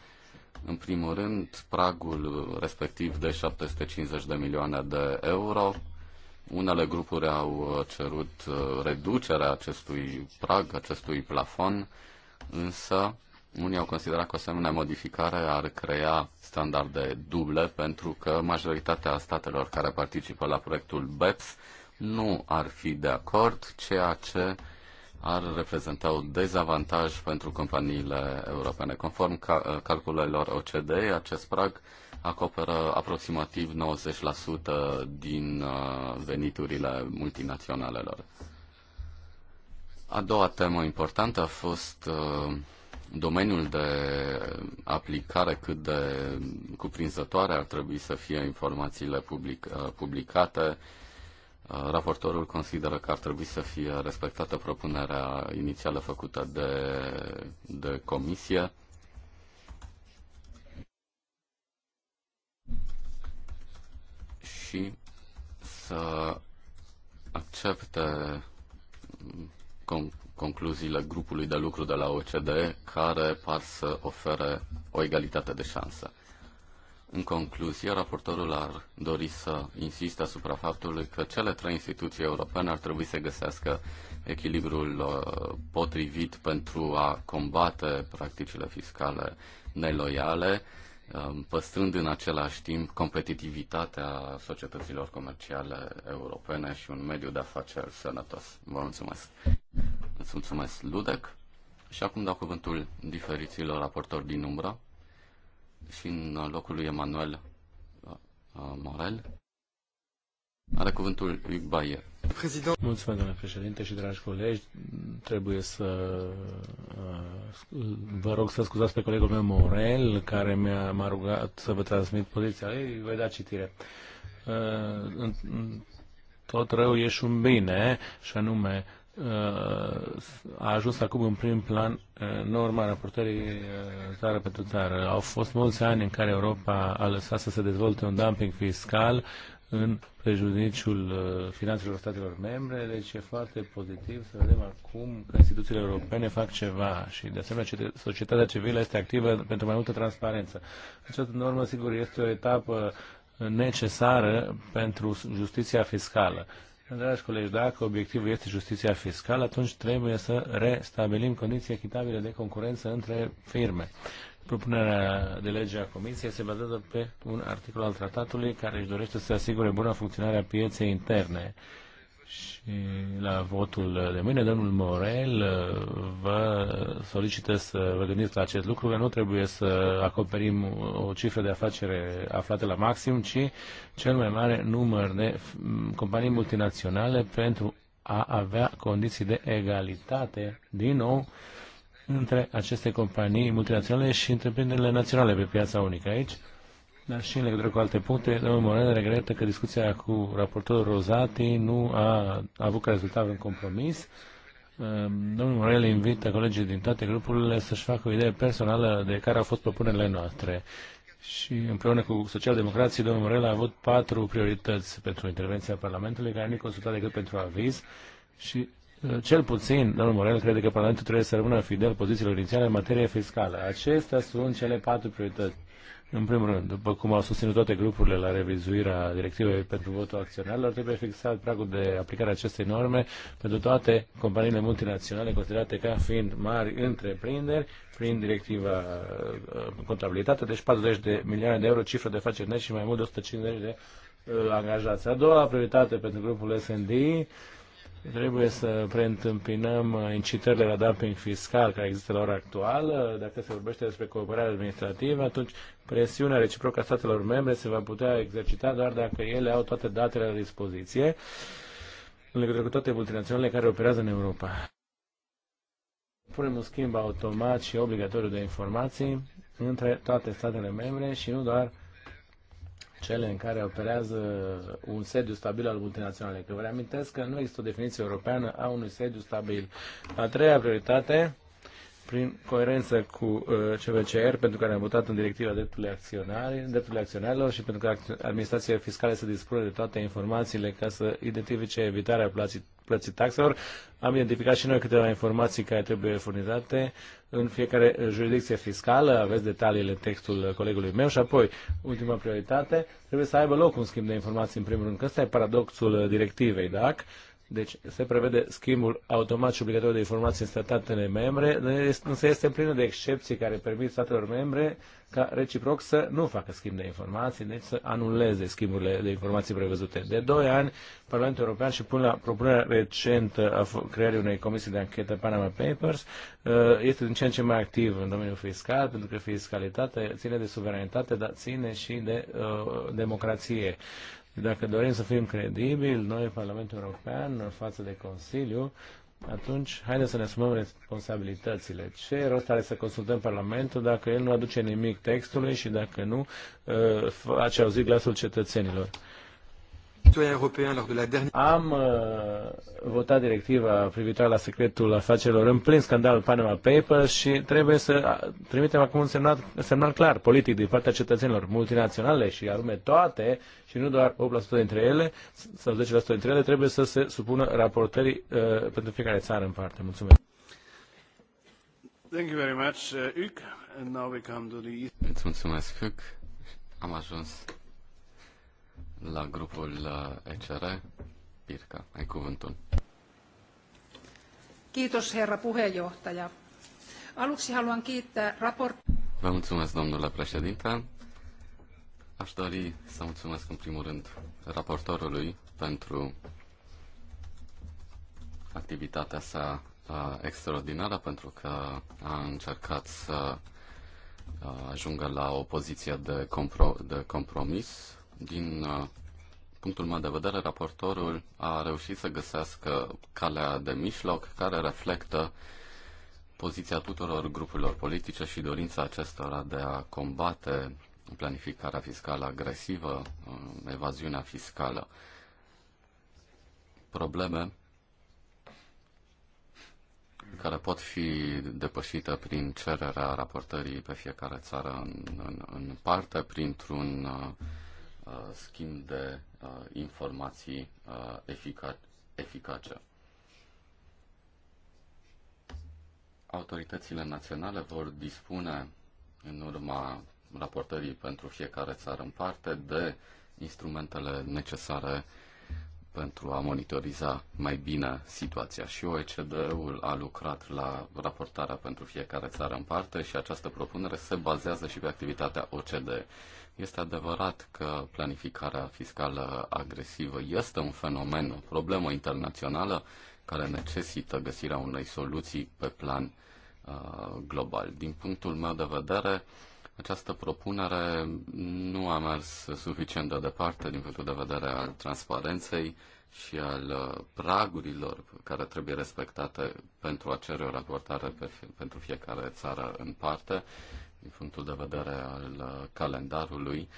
În primul rând, pragul respectiv de 750 de milioane de euro. Unele grupuri au cerut reducerea acestui prag, acestui plafon, însă unii au considerat că o asemenea modificare ar crea standarde duble pentru că majoritatea statelor care participă la proiectul BEPS nu ar fi de acord, ceea ce ar reprezenta un dezavantaj pentru companiile europene. Conform uh, calculelor OCDE, acest prag acoperă aproximativ 90% din uh, veniturile multinaționalelor. A doua temă importantă a fost uh, domeniul de aplicare cât de cuprinzătoare ar trebui să fie informațiile public, uh, publicate. Uh, raportorul consideră că ar trebui să fie respectată propunerea inițială făcută de, de comisie. Și să accepte concluziile grupului de lucru de la OCDE, care par să ofere o egalitate de șansă. În concluzie, raportorul ar dori să insiste asupra faptului că cele trei instituții europene ar trebui să găsească echilibrul uh, potrivit pentru a combate practicile fiscale neloiale, Um, păstrând în același timp competitivitatea societăților comerciale europene și un mediu de afaceri sănătos. Vă mulțumesc! Îți mulțumesc, Ludec! Și acum dau cuvântul diferiților raportori din umbră și în locul lui Emanuel uh, Morel are cuvântul Hugues Bayer. Mulțumesc, domnule președinte și dragi colegi. Trebuie să uh, vă rog să scuzați pe colegul meu Morel, care mi-a, m-a rugat să vă transmit poziția lui, Voi da citire. Uh, tot rău e și un bine, și anume uh, a ajuns acum în prim plan norma raportării țară pentru țară. Au fost mulți ani în care Europa a lăsat să se dezvolte un dumping fiscal în prejudiciul uh, finanțelor statelor membre, deci e foarte pozitiv să vedem acum că instituțiile europene fac ceva și de asemenea societatea civilă este activă pentru mai multă transparență. Această normă, sigur, este o etapă necesară pentru justiția fiscală. Dragi colegi, dacă obiectivul este justiția fiscală, atunci trebuie să restabilim condiții echitabile de concurență între firme. Propunerea de lege a Comisiei se bazează pe un articol al tratatului care își dorește să asigure buna funcționare a pieței interne. Și la votul de mâine, domnul Morel uh, vă solicită să vă gândiți la acest lucru, că nu trebuie să acoperim o cifră de afacere aflată la maxim, ci cel mai mare număr de companii multinaționale pentru a avea condiții de egalitate, din nou, între aceste companii multinaționale și întreprinderile naționale pe piața unică aici. Dar și în legătură cu alte puncte, domnul Moren regretă că discuția cu raportorul Rozati nu a avut ca rezultat un compromis. Ehm, domnul Morel invită colegii din toate grupurile să-și facă o idee personală de care au fost propunerile noastre. Și împreună cu socialdemocrații, domnul Morel a avut patru priorități pentru intervenția Parlamentului, care nu e consultat decât pentru aviz și Eh, cel puțin, domnul Morel crede că Parlamentul trebuie să rămână fidel pozițiilor inițiale în materie fiscală. Acestea sunt cele patru priorități. În primul rând, după cum au susținut toate grupurile la revizuirea directivei pentru votul acționarilor, trebuie fixat pragul de aplicare a acestei norme pentru toate companiile multinaționale considerate ca fiind mari întreprinderi prin directiva eh, contabilitate, deci 40 de milioane de euro cifră de afaceri net și mai mult de 150 de eh, angajați. A doua prioritate pentru grupul S&D Trebuie să preîntâmpinăm incitările la dumping fiscal care există la ora actuală. Dacă se vorbește despre cooperare administrativă, atunci presiunea reciprocă a statelor membre se va putea exercita doar dacă ele au toate datele la dispoziție în legătură cu toate multinaționalele care operează în Europa. Punem un schimb automat și obligatoriu de informații între toate statele membre și nu doar cele în care operează un sediu stabil al multinaționale. Că vă reamintesc că nu există o definiție europeană a unui sediu stabil. A treia prioritate, prin coerență cu uh, CVCR, pentru care am votat în directiva drepturile, drepturile acționarilor și pentru că administrația fiscală să dispune de toate informațiile ca să identifice evitarea plății plății taxelor. Am identificat și noi câteva informații care trebuie furnizate în fiecare jurisdicție fiscală, aveți detaliile în textul colegului meu și apoi, ultima prioritate, trebuie să aibă loc un schimb de informații în primul rând, că ăsta e paradoxul directivei, dacă deci se prevede schimbul automat și obligatoriu de informații în statele membre, însă este plină de excepții care permit statelor membre ca reciproc să nu facă schimb de informații, deci să anuleze schimburile de informații prevăzute. De doi ani, Parlamentul European și până la propunerea recentă a crearii unei comisii de anchetă Panama Papers uh, este din ce în ce mai activ în domeniul fiscal, pentru că fiscalitatea ține de suveranitate, dar ține și de uh, democrație. Și dacă dorim să fim credibili, noi, Parlamentul European, în față de Consiliu, atunci haideți să ne asumăm responsabilitățile. Ce rost are să consultăm Parlamentul dacă el nu aduce nimic textului și dacă nu uh, face auzit glasul cetățenilor? citoyen européen lors de la dernière... Am uh, votat directiva privitoare la secretul afacerilor în plin scandal Panama Papers și trebuie să uh, trimitem acum un semnal, semnal clar politic din partea cetățenilor multinaționale și anume toate și nu doar 8% dintre ele sau 10% dintre ele trebuie să se supună raportării uh, pentru fiecare țară în parte. Mulțumesc. Thank you very much, uh, Uc. And now we come to the... Îți mulțumesc, Uc. Am ajuns la grupul ECR. Uh, Pirca, ai cuvântul. Kiitos, herra puheenjohtaja. Aluksi haluan kiittää raport... Vă mulțumesc, domnule președinte. Aș dori să mulțumesc în primul rând raportorului pentru activitatea sa uh, extraordinară, pentru că a încercat să uh, ajungă la o poziție de, compro- de compromis din uh, punctul meu de vedere, raportorul a reușit să găsească calea de mijloc care reflectă poziția tuturor grupurilor politice și dorința acestora de a combate planificarea fiscală agresivă, uh, evaziunea fiscală. Probleme care pot fi depășite prin cererea raportării pe fiecare țară în, în, în parte, printr-un uh, Uh, schimb de uh, informații uh, efica- eficace. Autoritățile naționale vor dispune, în urma raportării pentru fiecare țară în parte, de instrumentele necesare pentru a monitoriza mai bine situația. Și OECD-ul a lucrat la raportarea pentru fiecare țară în parte și această propunere se bazează și pe activitatea OCDE. Este adevărat că planificarea fiscală agresivă este un fenomen, o problemă internațională care necesită găsirea unei soluții pe plan uh, global. Din punctul meu de vedere, această propunere nu a mers suficient de departe din punctul de vedere al transparenței și al uh, pragurilor care trebuie respectate pentru a cere o raportare pe, pentru fiecare țară în parte din punctul de vedere al uh, calendarului,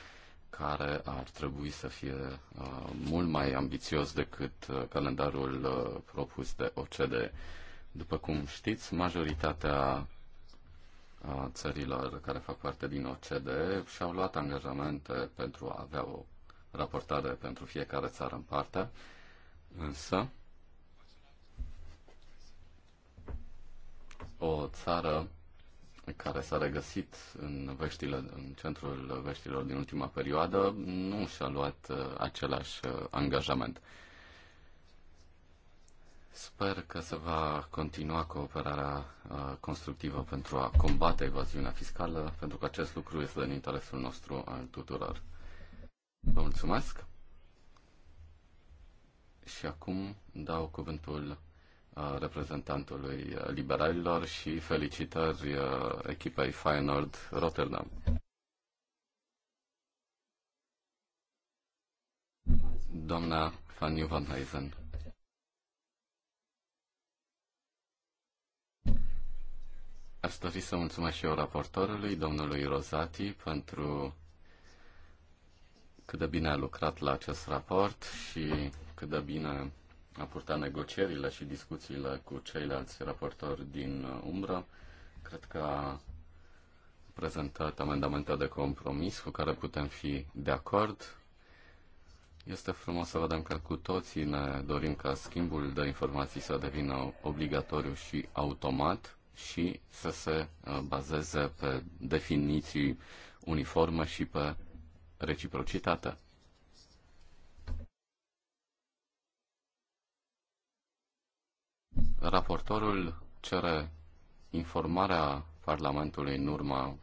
care ar trebui să fie uh, mult mai ambițios decât uh, calendarul uh, propus de OCDE. După cum știți, majoritatea uh, țărilor care fac parte din OCDE și-au luat angajamente pentru a avea o raportare pentru fiecare țară în parte, însă o țară care s-a regăsit în, veștile, în centrul veștilor din ultima perioadă, nu și-a luat uh, același uh, angajament. Sper că se va continua cooperarea uh, constructivă pentru a combate evaziunea fiscală, pentru că acest lucru este în interesul nostru al tuturor. Vă mulțumesc și acum dau cuvântul reprezentantului uh, liberalilor și felicitări uh, echipei Feyenoord Rotterdam. Doamna Fanny Van Heisen. Aș dori să mulțumesc și eu raportorului, domnului Rozati, pentru cât de bine a lucrat la acest raport și cât de bine a purta negocierile și discuțiile cu ceilalți raportori din umbră. Cred că a prezentat amendamente de compromis cu care putem fi de acord. Este frumos să vedem că cu toții ne dorim ca schimbul de informații să devină obligatoriu și automat și să se uh, bazeze pe definiții uniforme și pe reciprocitate. Raportorul cere informarea Parlamentului în urma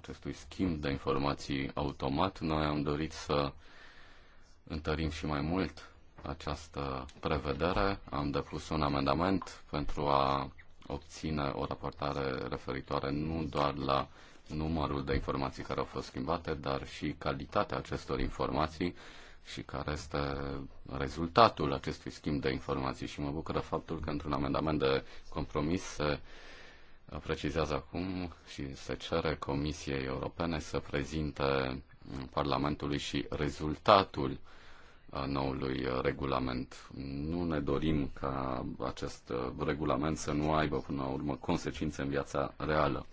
acestui schimb de informații automat. Noi am dorit să întărim și mai mult această prevedere. Am depus un amendament pentru a obține o raportare referitoare nu doar la numărul de informații care au fost schimbate, dar și calitatea acestor informații și care este rezultatul acestui schimb de informații și mă bucură faptul că într-un amendament de compromis se precizează acum și se cere Comisiei Europene să prezinte Parlamentului și rezultatul noului regulament. Nu ne dorim ca acest regulament să nu aibă până la urmă consecințe în viața reală.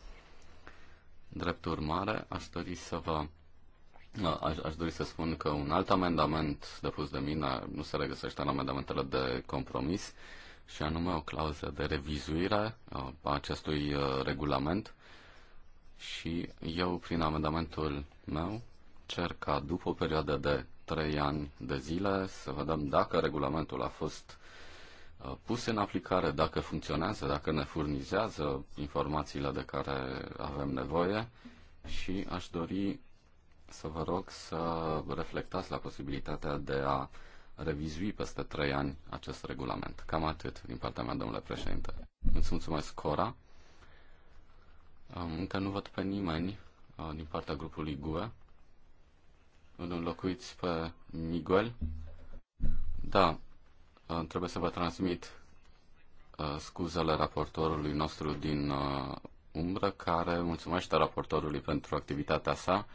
Drept urmare, aș dori să vă Aș, aș dori să spun că un alt amendament depus de mine nu se regăsește în amendamentele de compromis și anume o clauză de revizuire a acestui regulament și eu prin amendamentul meu cer ca după o perioadă de 3 ani de zile să vedem dacă regulamentul a fost pus în aplicare, dacă funcționează, dacă ne furnizează informațiile de care avem nevoie și aș dori să vă rog să reflectați la posibilitatea de a revizui peste trei ani acest regulament. Cam atât din partea mea, domnule președinte. Îți mulțumesc, Cora. Încă nu văd pe nimeni din partea grupului GUE. Îl înlocuiți pe Miguel. Da, trebuie să vă transmit scuzele raportorului nostru din umbră, care mulțumește raportorului pentru activitatea sa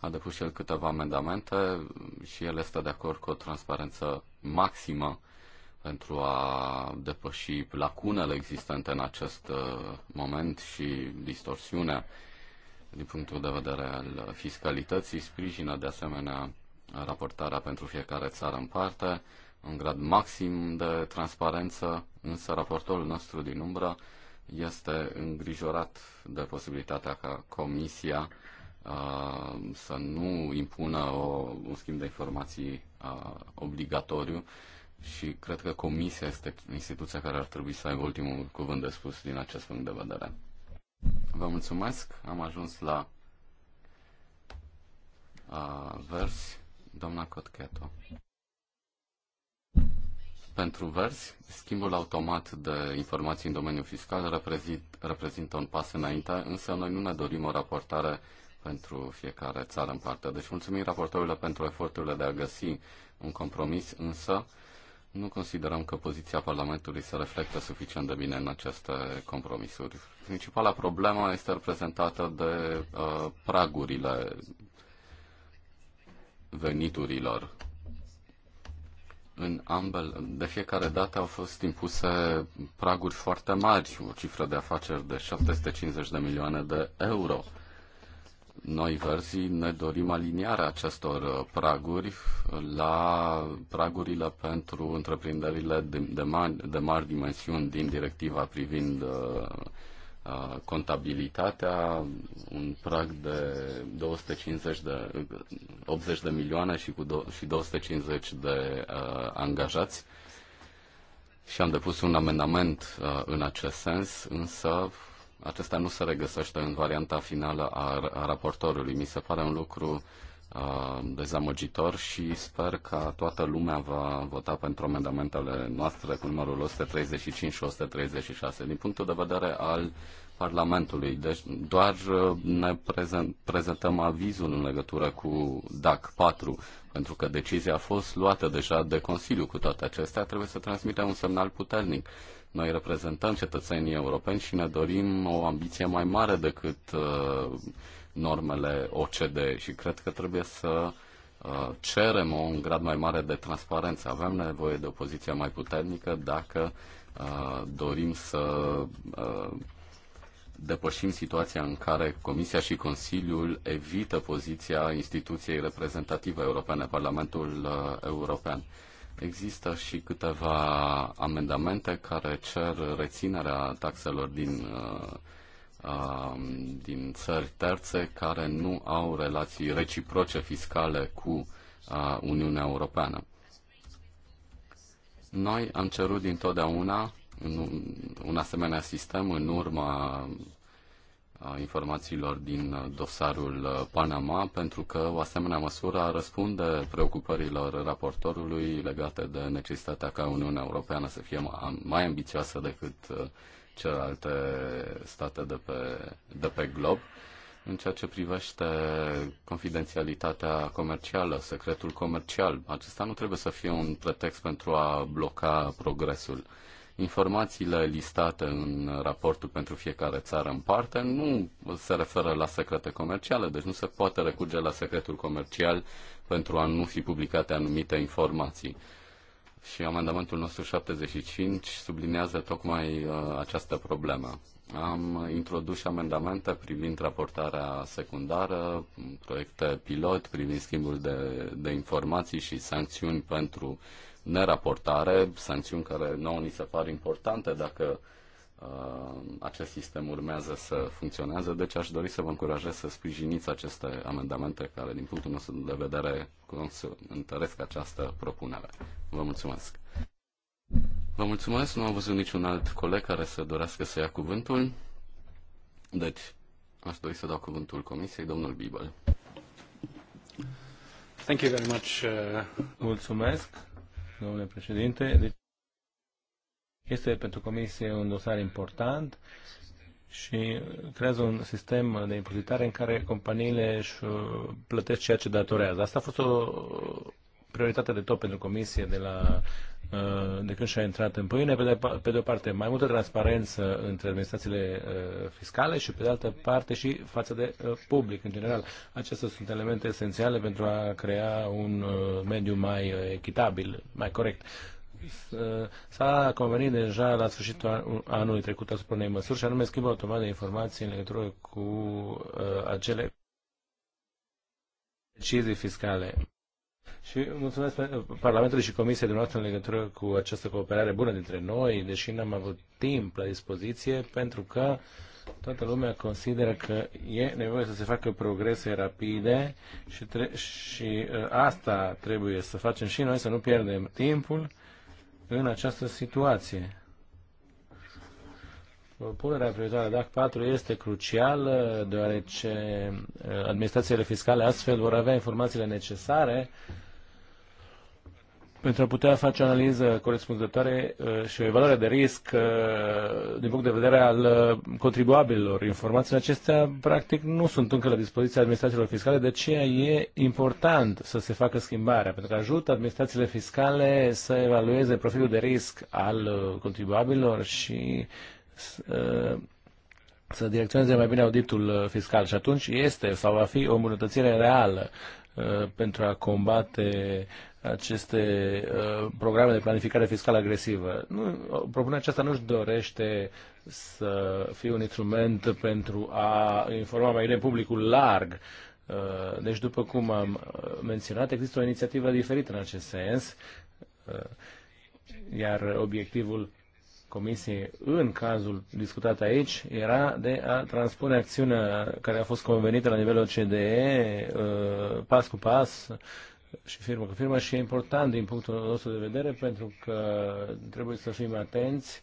a depus și el câteva amendamente și el este de acord cu o transparență maximă pentru a depăși lacunele existente în acest uh, moment și distorsiunea din punctul de vedere al fiscalității, sprijină de asemenea raportarea pentru fiecare țară în parte, un grad maxim de transparență, însă raportorul nostru din umbră este îngrijorat de posibilitatea ca Comisia Uh, să nu impună o, un schimb de informații uh, obligatoriu și cred că Comisia este instituția care ar trebui să aibă ultimul cuvânt de spus din acest punct de vedere. Vă mulțumesc, am ajuns la uh, vers, doamna Cotcheto. Pentru vers, schimbul automat de informații în domeniul fiscal reprezint, reprezintă un pas înainte, însă noi nu ne dorim o raportare pentru fiecare țară în parte. Deci mulțumim raportorilor pentru eforturile de a găsi un compromis, însă nu considerăm că poziția Parlamentului se reflectă suficient de bine în aceste compromisuri. Principala problemă este reprezentată de uh, pragurile veniturilor. În ambele, de fiecare dată au fost impuse praguri foarte mari, o cifră de afaceri de 750 de milioane de euro. Noi verzii ne dorim alinierea acestor uh, praguri la pragurile pentru întreprinderile de, mari, de mari dimensiuni din directiva privind uh, uh, contabilitatea, un prag de 250 de 80 de milioane și cu do, și 250 de uh, angajați. Și am depus un amendament uh, în acest sens, însă acesta nu se regăsește în varianta finală a, a raportorului. Mi se pare un lucru uh, dezamăgitor și sper că toată lumea va vota pentru amendamentele noastre cu numărul 135 și 136. Din punctul de vedere al Parlamentului, deci doar ne prezent, prezentăm avizul în legătură cu DAC 4, pentru că decizia a fost luată deja de Consiliu cu toate acestea, trebuie să transmitem un semnal puternic noi reprezentăm cetățenii europeni și ne dorim o ambiție mai mare decât uh, normele OCDE și cred că trebuie să uh, cerem un grad mai mare de transparență. Avem nevoie de o poziție mai puternică dacă uh, dorim să depășim situația în care Comisia și Consiliul evită poziția instituției reprezentative europene, Parlamentul European. Există și câteva amendamente care cer reținerea taxelor din, uh, um, din țări terțe care nu au relații reciproce fiscale cu uh, Uniunea Europeană. Noi am cerut dintotdeauna un, un asemenea sistem în urma informațiilor din uh, dosarul uh, Panama, pentru că o asemenea măsură răspunde preocupărilor raportorului legate de necesitatea ca Uniunea Europeană să fie mai ambițioasă decât uh, celelalte state de pe, de pe glob. În ceea ce privește confidențialitatea comercială, secretul comercial, acesta nu trebuie să fie un pretext pentru a bloca progresul. Informațiile listate în raportul pentru fiecare țară în parte nu se referă la secrete comerciale, deci nu se poate recurge la secretul comercial pentru a nu fi publicate anumite informații. Și amendamentul nostru 75 sublinează tocmai uh, această problemă. Am introdus amendamente privind raportarea secundară, proiecte pilot, privind schimbul de, de informații și sancțiuni pentru uh, neraportare, sancțiuni care nouă ni se par importante dacă uh, acest sistem urmează să funcționeze. Deci aș dori să vă încurajez să sprijiniți aceste amendamente care, din punctul nostru de vedere, întăresc această propunere. Vă mulțumesc! Vă mulțumesc, nu am văzut niciun alt coleg care să dorească să ia cuvântul. Deci, aș dori să dau cuvântul Comisiei, domnul Bibel. Thank you very much. Uh, mulțumesc domnule președinte. Deci este pentru Comisie un dosar important și creează un sistem de impozitare în care companiile își uh, plătesc ceea ce datorează. Asta a fost o prioritate de top pentru Comisie de la Uh, de când și-a intrat în pâine, pe de, pe de o parte mai multă transparență între administrațiile uh, fiscale și pe de altă parte și față de uh, public în general. Acestea sunt elemente esențiale pentru a crea un mediu mai echitabil, mai corect. S-a convenit deja la sfârșitul anului trecut asupra unei măsuri și anume schimbă automat de informații în legătură cu acele decizii fiscale și mulțumesc Parlamentului și Comisiei dumneavoastră în legătură cu această cooperare bună dintre noi, deși n-am avut timp la dispoziție, pentru că toată lumea consideră că e nevoie să se facă progrese rapide și, tre- și uh, asta trebuie să facem și noi, să nu pierdem timpul în această situație. Propunerea privitoare DAC 4 este crucială, deoarece uh, administrațiile fiscale astfel vor avea informațiile necesare pentru a putea face analiză corespunzătoare uh, și o evaluare de risc uh, din punct de vedere al uh, contribuabililor. Informațiile acestea, practic, nu sunt încă la dispoziția administrațiilor fiscale, de aceea e important să se facă schimbarea, pentru că ajută administrațiile fiscale să evalueze profilul de risc al contribuabililor și să direcționeze mai bine auditul fiscal și atunci este sau va fi o îmbunătățire reală pentru a combate aceste uh, programe de planificare fiscală agresivă. Nu, propunerea aceasta nu își dorește să fie un instrument pentru a informa mai bine publicul larg. Uh, deci, după cum am uh, menționat, există o inițiativă diferită în acest sens, uh, iar obiectivul Comisiei în cazul discutat aici era de a transpune acțiunea care a fost convenită la nivelul uh, pas cu pas și firmă cu firmă și e important din punctul nostru de vedere pentru că trebuie să fim atenți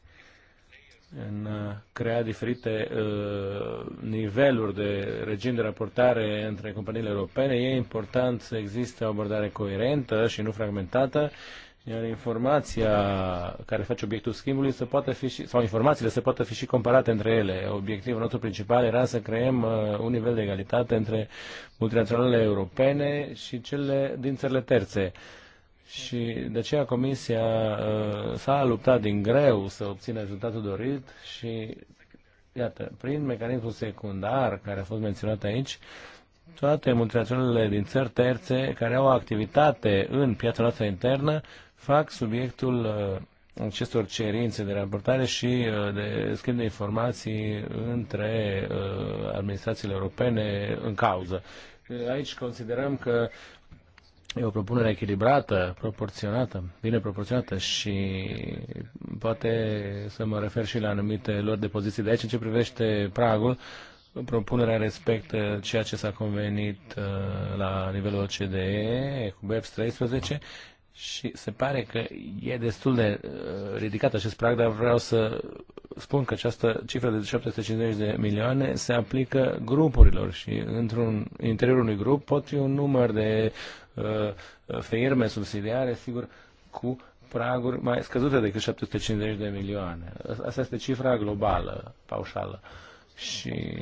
în crea diferite uh, niveluri de regim de raportare între companiile europene. E important să existe o abordare coerentă și nu fragmentată iar informația care face obiectul schimbului să poată fi și, sau informațiile să poată fi și comparate între ele. Obiectivul nostru principal era să creăm uh, un nivel de egalitate între multinaționalele europene și cele din țările terțe. Și de aceea Comisia uh, s-a luptat din greu să obțină rezultatul dorit și, iată, prin mecanismul secundar care a fost menționat aici, toate multinaționalele din țări terțe care au activitate în piața noastră internă fac subiectul uh, acestor cerințe de raportare și uh, de schimb de informații între uh, administrațiile europene în cauză. Aici considerăm că E o propunere echilibrată, proporționată, bine proporționată și poate să mă refer și la anumite lor de poziții. De aici, în ce privește pragul, propunerea respectă ceea ce s-a convenit la nivelul OCDE cu BEPS 13 și se pare că e destul de uh, ridicat acest prag, dar vreau să spun că această cifră de 750 de milioane se aplică grupurilor și într-un interior interiorul unui grup pot fi un număr de uh, firme subsidiare, sigur, cu praguri mai scăzute decât 750 de milioane. Asta este cifra globală, paușală. Uh, și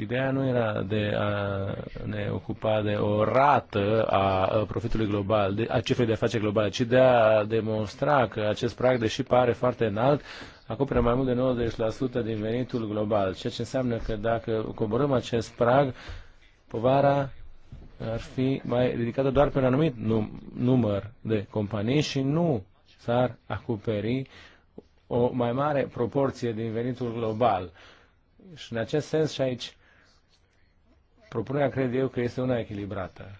ideea nu era de a ne ocupa de o rată a profitului global, de, a cifrei de afaceri globale, ci de a demonstra că acest prag, deși pare foarte înalt, acoperă mai mult de 90% din venitul global, ceea ce înseamnă că dacă coborâm acest prag, povara ar fi mai ridicată doar pe un anumit num- număr de companii și nu s-ar acoperi o mai mare proporție din venitul global. Și în acest sens și aici propunerea cred eu că este una echilibrată.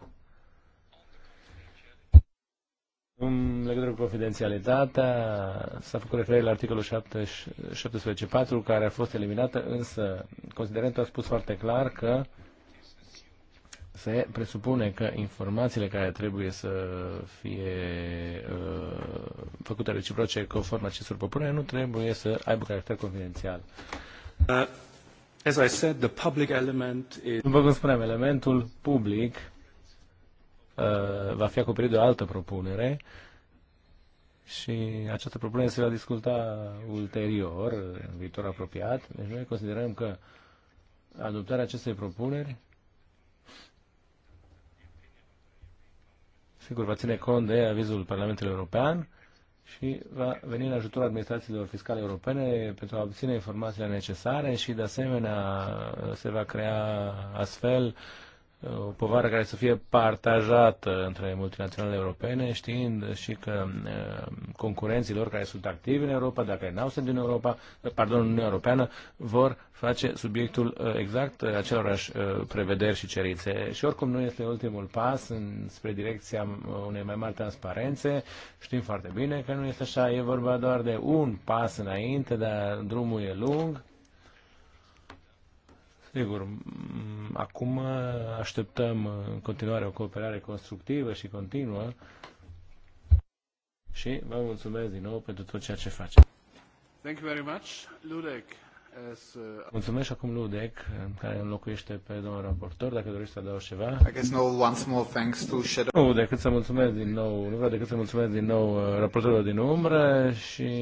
În legătură cu confidențialitatea, s-a făcut referire la articolul 17.4, care a fost eliminată, însă considerentul a spus foarte clar că se presupune că informațiile care trebuie să fie uh, făcute reciproce conform acestor propuneri nu trebuie să aibă caracter confidențial. Uh. As I said, the public element is... După cum spuneam, elementul public uh, va fi acoperit de o altă propunere și această propunere se va discuta ulterior, în viitor apropiat. Deci noi considerăm că adoptarea acestei propuneri sigur va ține cont de avizul Parlamentului European și va veni în ajutorul administrațiilor fiscale europene pentru a obține informațiile necesare și, de asemenea, se va crea astfel o povară care să fie partajată între multinaționale europene, știind și că concurenții lor care sunt activi în Europa, dacă nu sunt din Europa, pardon, în Uniunea Europeană, vor face subiectul exact acelorași prevederi și cerințe. Și oricum nu este ultimul pas în, spre direcția unei mai mari transparențe. Știm foarte bine că nu este așa, e vorba doar de un pas înainte, dar drumul e lung Sigur, acum așteptăm în continuare o cooperare constructivă și continuă și vă mulțumesc din nou pentru tot ceea ce face. Thank you very much. Ludek, as, uh... Mulțumesc acum Ludek, care înlocuiește pe domnul raportor, dacă doriți să adaugi ceva. I guess no one small thanks to Shadow. Nu, decât să mulțumesc din nou, nu vreau decât să mulțumesc din nou uh, raportorul din umbră și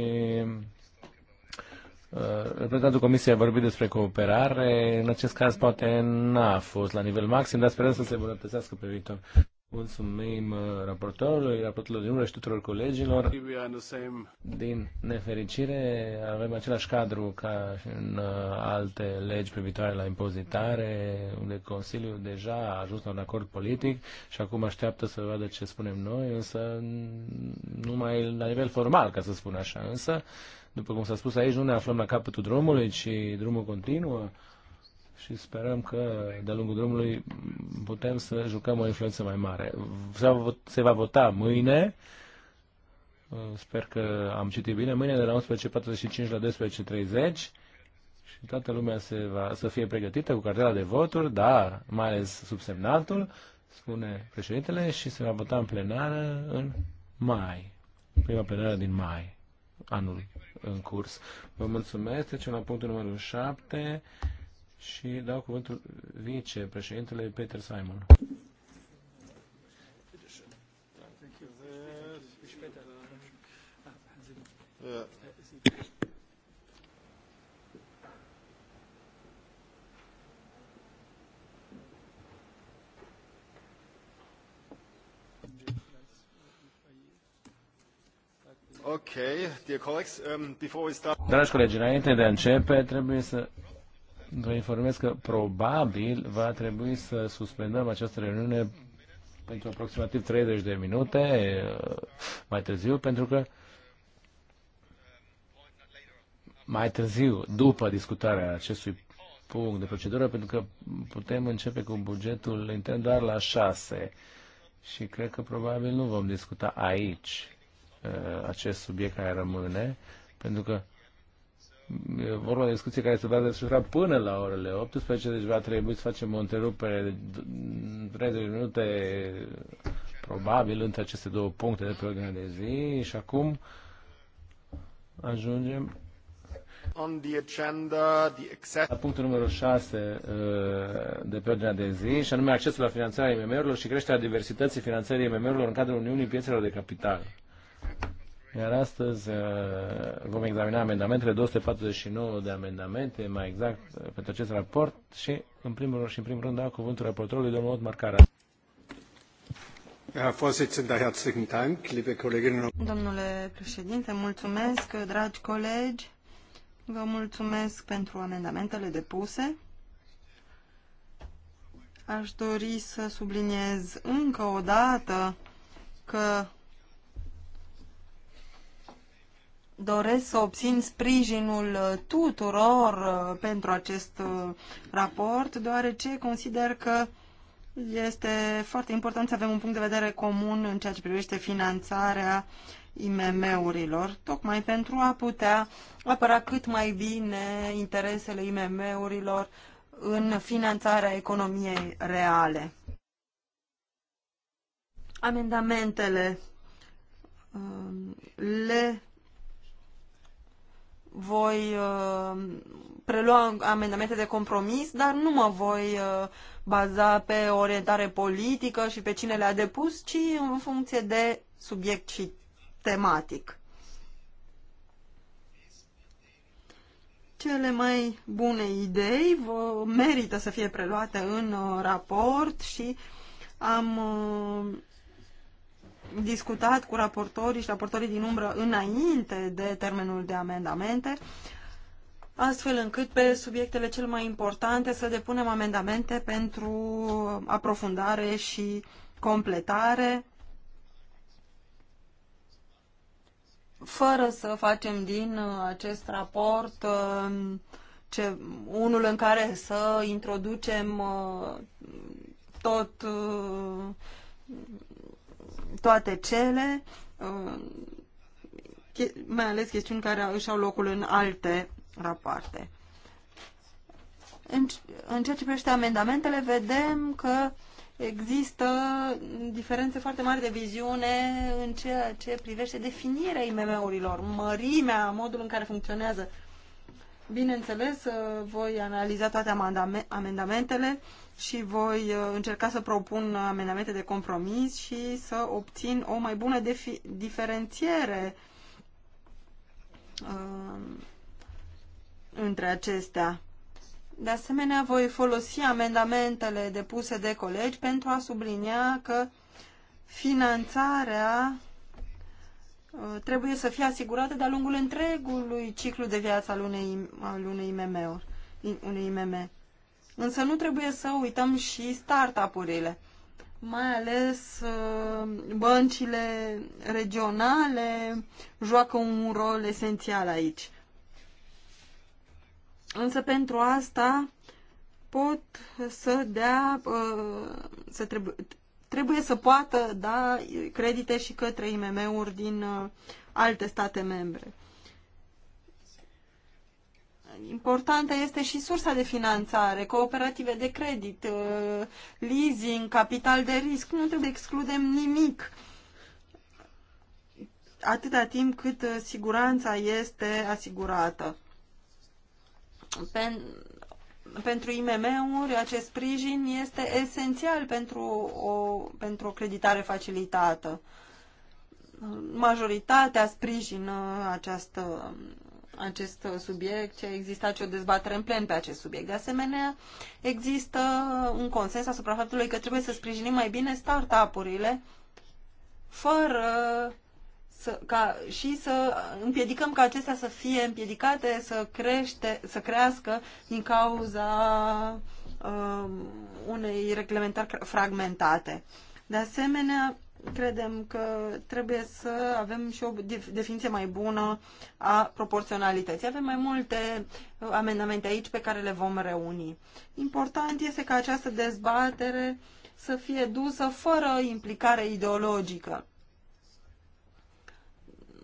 Uh, reprezentantul Comisiei a vorbit despre cooperare. În acest caz poate n-a fost la nivel maxim, dar sperăm să se îmbunătățească pe viitor. Mulțumim uh, raportorului, raportorului din urmă și tuturor colegilor. Din nefericire, avem același cadru ca în uh, alte legi privitoare la impozitare, unde Consiliul deja a ajuns la un acord politic și acum așteaptă să vadă ce spunem noi, însă mm, numai la nivel formal, ca să spun așa. Însă, după cum s-a spus aici, nu ne aflăm la capătul drumului, ci drumul continuă și sperăm că de-a lungul drumului putem să jucăm o influență mai mare. Se va vota mâine. Sper că am citit bine. Mâine de la 11.45 la 12.30 și toată lumea se va, să fie pregătită cu cartela de voturi, da, mai ales subsemnatul, spune președintele, și se va vota în plenară în mai, prima plenară din mai anului în curs. Vă mulțumesc. Trecem la punctul numărul 7 și dau cuvântul vicepreședintele Peter Simon. dear colleagues, um, before we start... Dragi colegi, înainte de a începe, trebuie să vă informez că probabil va trebui să suspendăm această reuniune pentru aproximativ 30 de minute uh, mai târziu, pentru că mai târziu, după discutarea acestui punct de procedură, pentru că putem începe cu bugetul intern doar la 6 și cred că probabil nu vom discuta aici Uh, acest subiect care rămâne, pentru că e vorba de discuție care se va desfășura până la orele 18, deci va trebui să facem o întrerupere de 30 minute probabil între aceste două puncte de pe ordinea de zi și acum ajungem on the agenda, the access... La punctul numărul 6 uh, de pe ordinea de zi, și anume accesul la finanțarea IMM-urilor și creșterea diversității finanțării IMM-urilor în cadrul Uniunii Piețelor de Capital. Iar astăzi uh, vom examina amendamentele, 249 de amendamente, mai exact, uh, pentru acest raport și, în primul rând, și în primul rând, da cuvântul raportorului, domnul Otmar Caras. Domnule președinte, mulțumesc, dragi colegi, vă mulțumesc pentru amendamentele depuse. Aș dori să subliniez încă o dată că doresc să obțin sprijinul uh, tuturor uh, pentru acest uh, raport, deoarece consider că este foarte important să avem un punct de vedere comun în ceea ce privește finanțarea IMM-urilor, tocmai pentru a putea apăra cât mai bine interesele IMM-urilor în finanțarea economiei reale. Amendamentele le voi uh, prelua amendamente de compromis, dar nu mă voi uh, baza pe orientare politică și pe cine le-a depus, ci în funcție de subiect și tematic. Cele mai bune idei merită să fie preluate în uh, raport și am discutat cu raportorii și raportorii din umbră înainte de termenul de amendamente, astfel încât pe subiectele cel mai importante să depunem amendamente pentru aprofundare și completare, fără să facem din acest raport uh, ce, unul în care să introducem uh, tot uh, toate cele, uh, mai ales chestiuni care își au locul în alte rapoarte. În, ceea ce privește amendamentele, vedem că există diferențe foarte mari de viziune în ceea ce privește definirea IMM-urilor, mărimea, modul în care funcționează. Bineînțeles, uh, voi analiza toate amendamentele și voi uh, încerca să propun amendamente de compromis și să obțin o mai bună diferențiere uh, între acestea. De asemenea, voi folosi amendamentele depuse de colegi pentru a sublinia că finanțarea uh, trebuie să fie asigurată de-a lungul întregului ciclu de viață al unei, al unei IMM-uri. Unei IMM. Însă nu trebuie să uităm și startup-urile, mai ales uh, băncile regionale joacă un rol esențial aici. Însă pentru asta pot să dea, uh, să trebuie, trebuie să poată da credite și către IMM-uri din uh, alte state membre importantă este și sursa de finanțare, cooperative de credit, uh, leasing, capital de risc. Nu trebuie să excludem nimic atâta timp cât uh, siguranța este asigurată. Pen pentru IMM-uri, acest sprijin este esențial pentru o, pentru o creditare facilitată. Majoritatea sprijină această acest uh, subiect și a existat și o dezbatere în plen pe acest subiect. De asemenea, există un consens asupra faptului că trebuie să sprijinim mai bine startup-urile fără să, ca, și să împiedicăm ca acestea să fie împiedicate să, crește, să crească din cauza uh, unei reglementări fragmentate. De asemenea, Credem că trebuie să avem și o definiție mai bună a proporționalității. Avem mai multe uh, amendamente aici pe care le vom reuni. Important este ca această dezbatere să fie dusă fără implicare ideologică.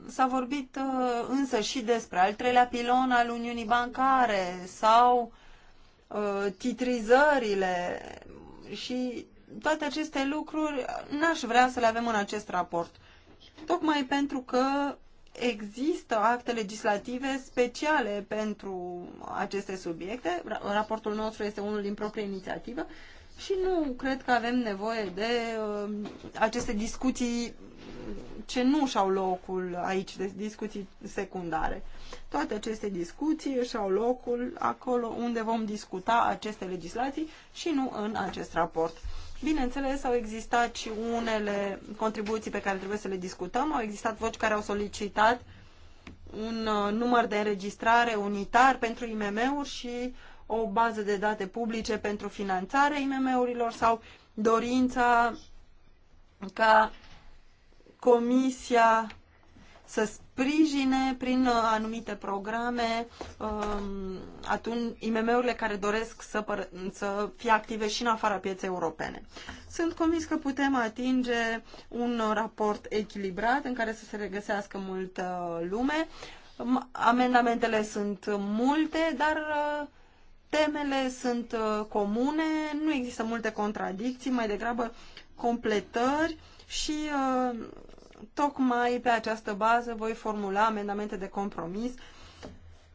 S-a vorbit uh, însă și despre al treilea pilon al Uniunii Bancare sau uh, titrizările și toate aceste lucruri n-aș vrea să le avem în acest raport. Tocmai pentru că există acte legislative speciale pentru aceste subiecte. Raportul nostru este unul din proprie inițiativă și nu cred că avem nevoie de uh, aceste discuții ce nu și-au locul aici, de discuții secundare. Toate aceste discuții și-au locul acolo unde vom discuta aceste legislații și nu în acest raport. Bineînțeles, au existat și unele contribuții pe care trebuie să le discutăm. Au existat voci care au solicitat un uh, număr de înregistrare unitar pentru IMM-uri și o bază de date publice pentru finanțarea IMM-urilor sau dorința ca Comisia să sprijine prin uh, anumite programe um, atunci IMM-urile care doresc să, păr- să fie active și în afara pieței europene. Sunt convins că putem atinge un raport echilibrat în care să se regăsească multă lume. Amendamentele sunt multe, dar uh, temele sunt uh, comune, nu există multe contradicții, mai degrabă completări și uh, Tocmai pe această bază voi formula amendamente de compromis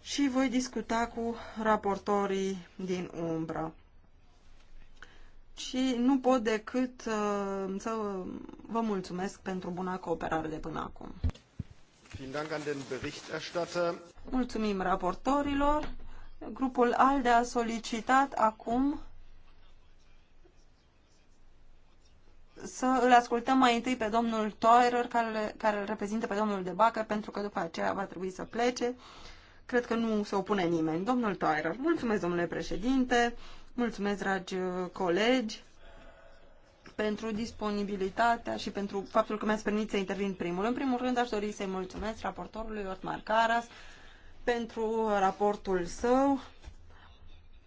și voi discuta cu raportorii din umbră. Și nu pot decât uh, să vă mulțumesc pentru buna cooperare de până acum. Mulțumim raportorilor. Grupul ALDE a solicitat acum să îl ascultăm mai întâi pe domnul Toerer, care, care îl reprezintă pe domnul De Bacă, pentru că după aceea va trebui să plece. Cred că nu se opune nimeni. Domnul Toerer, mulțumesc, domnule președinte, mulțumesc, dragi uh, colegi, pentru disponibilitatea și pentru faptul că mi-ați permis să intervin primul. În primul rând, aș dori să-i mulțumesc raportorului Otmar Caras pentru raportul său,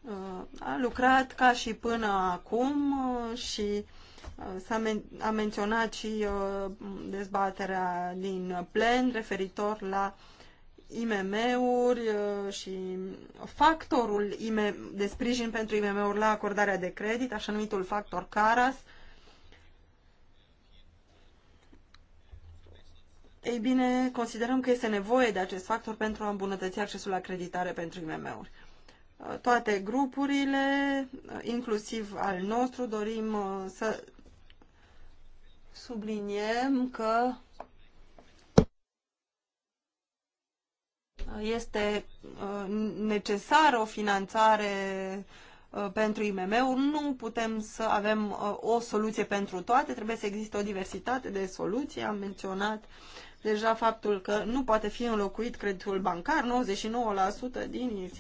uh, a lucrat ca și până acum uh, și S-a men a menționat și uh, dezbaterea din plen referitor la IMM-uri uh, și factorul IM- de sprijin pentru IMM-uri la acordarea de credit, așa numitul factor CARAS. Ei bine, considerăm că este nevoie de acest factor pentru a îmbunătăți accesul la creditare pentru IMM-uri uh, toate grupurile, uh, inclusiv al nostru, dorim uh, să subliniem că este uh, necesară o finanțare uh, pentru IMM-uri, nu putem să avem uh, o soluție pentru toate, trebuie să existe o diversitate de soluții. Am menționat deja faptul că nu poate fi înlocuit creditul bancar, 99% din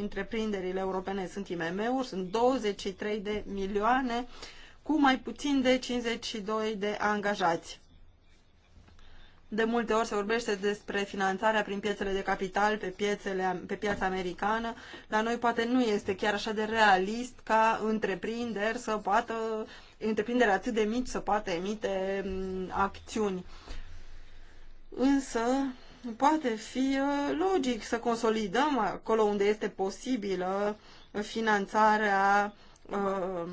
întreprinderile europene sunt IMM-uri, sunt 23 de milioane cu mai puțin de 52 de angajați. De multe ori se vorbește despre finanțarea prin piețele de capital pe, piețele, pe piața americană. La noi poate nu este chiar așa de realist ca întreprinderi să poată, întreprinderi atât de mici să poată emite mm, acțiuni. Însă poate fi uh, logic să consolidăm acolo unde este posibilă finanțarea uh,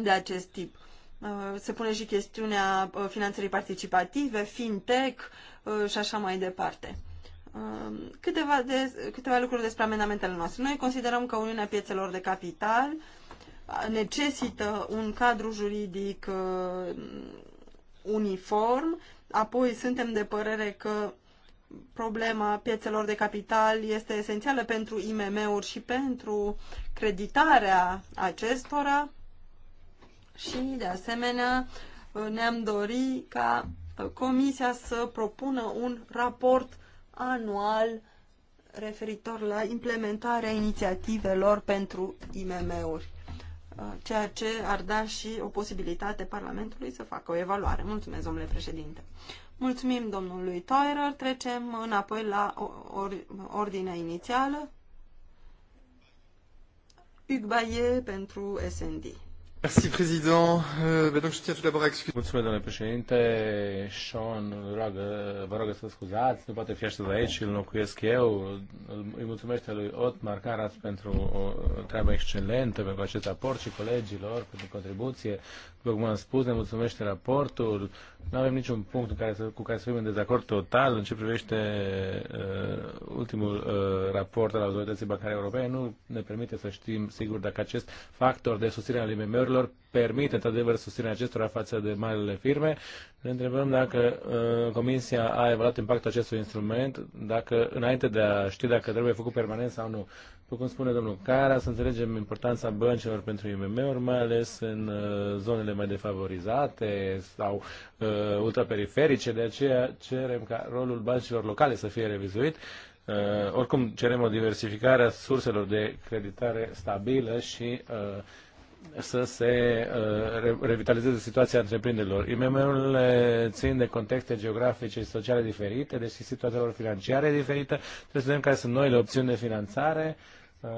de acest tip. Uh, se pune și chestiunea uh, finanțării participative, fintech uh, și așa mai departe. Câteva, de, câteva lucruri despre amendamentele noastre. Noi considerăm că Uniunea Piețelor de Capital necesită un cadru juridic uniform, apoi suntem de părere că problema piețelor de capital este esențială pentru IMM-uri și pentru creditarea acestora și, de asemenea, ne-am dori ca Comisia să propună un raport anual referitor la implementarea inițiativelor pentru IMM-uri, ceea ce ar da și o posibilitate Parlamentului să facă o evaluare. Mulțumesc, domnule președinte. Mulțumim domnului Toirer. Trecem înapoi la or- ordinea inițială. Ugbaie pentru SND. Merci, président. Euh, donc, je tiens tout d'abord à excuser. Mulțumesc, domnule președinte. Sean, roagă, vă rog să scuzați, nu poate fi astăzi aici, îl locuiesc eu. Îi mulțumesc lui Otmar Caras pentru o treabă excelentă, pentru acest raport și colegilor, pentru contribuție. După cum am spus, ne mulțumește raportul, nu avem niciun punct în care să, cu care să fim în dezacord total în ce privește uh, ultimul uh, raport al autorității bancare europene. Nu ne permite să știm sigur dacă acest factor de susținere al IMM-urilor permite, într-adevăr, susținerea acestora față de marile firme. Ne întrebăm dacă uh, Comisia a evaluat impactul acestui instrument, dacă, înainte de a ști dacă trebuie făcut permanent sau nu. După cum spune domnul Cara, să înțelegem importanța băncilor pentru IMM-uri, mai ales în uh, zonele mai defavorizate sau uh, ultraperiferice, de aceea cerem ca rolul băncilor locale să fie revizuit. Uh, oricum, cerem o diversificare a surselor de creditare stabilă și uh, să se uh, revitalizeze situația întreprinderilor. IMM-urile țin de contexte geografice și sociale diferite, deci și situația lor financiare diferită. Trebuie să vedem care sunt noile opțiuni de finanțare, uh,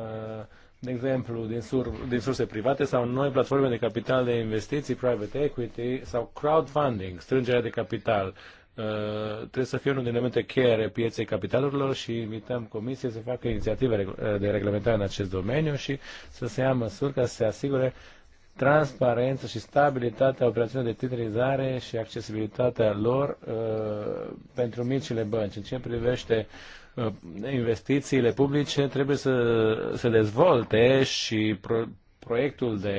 de exemplu, din, sur, din surse private sau noi platforme de capital de investiții, private equity sau crowdfunding, strângerea de capital Eh, trebuie să fie unul din elemente cheie ale pieței capitalurilor și invităm Comisie să facă inițiative eh, de reglementare în acest domeniu și să se ia măsuri ca să se asigure transparență și stabilitatea operațiunilor de titrizare și accesibilitatea lor uh, pentru micile bănci. În ce privește uh, investițiile publice, trebuie să se dezvolte și pro- proiectul de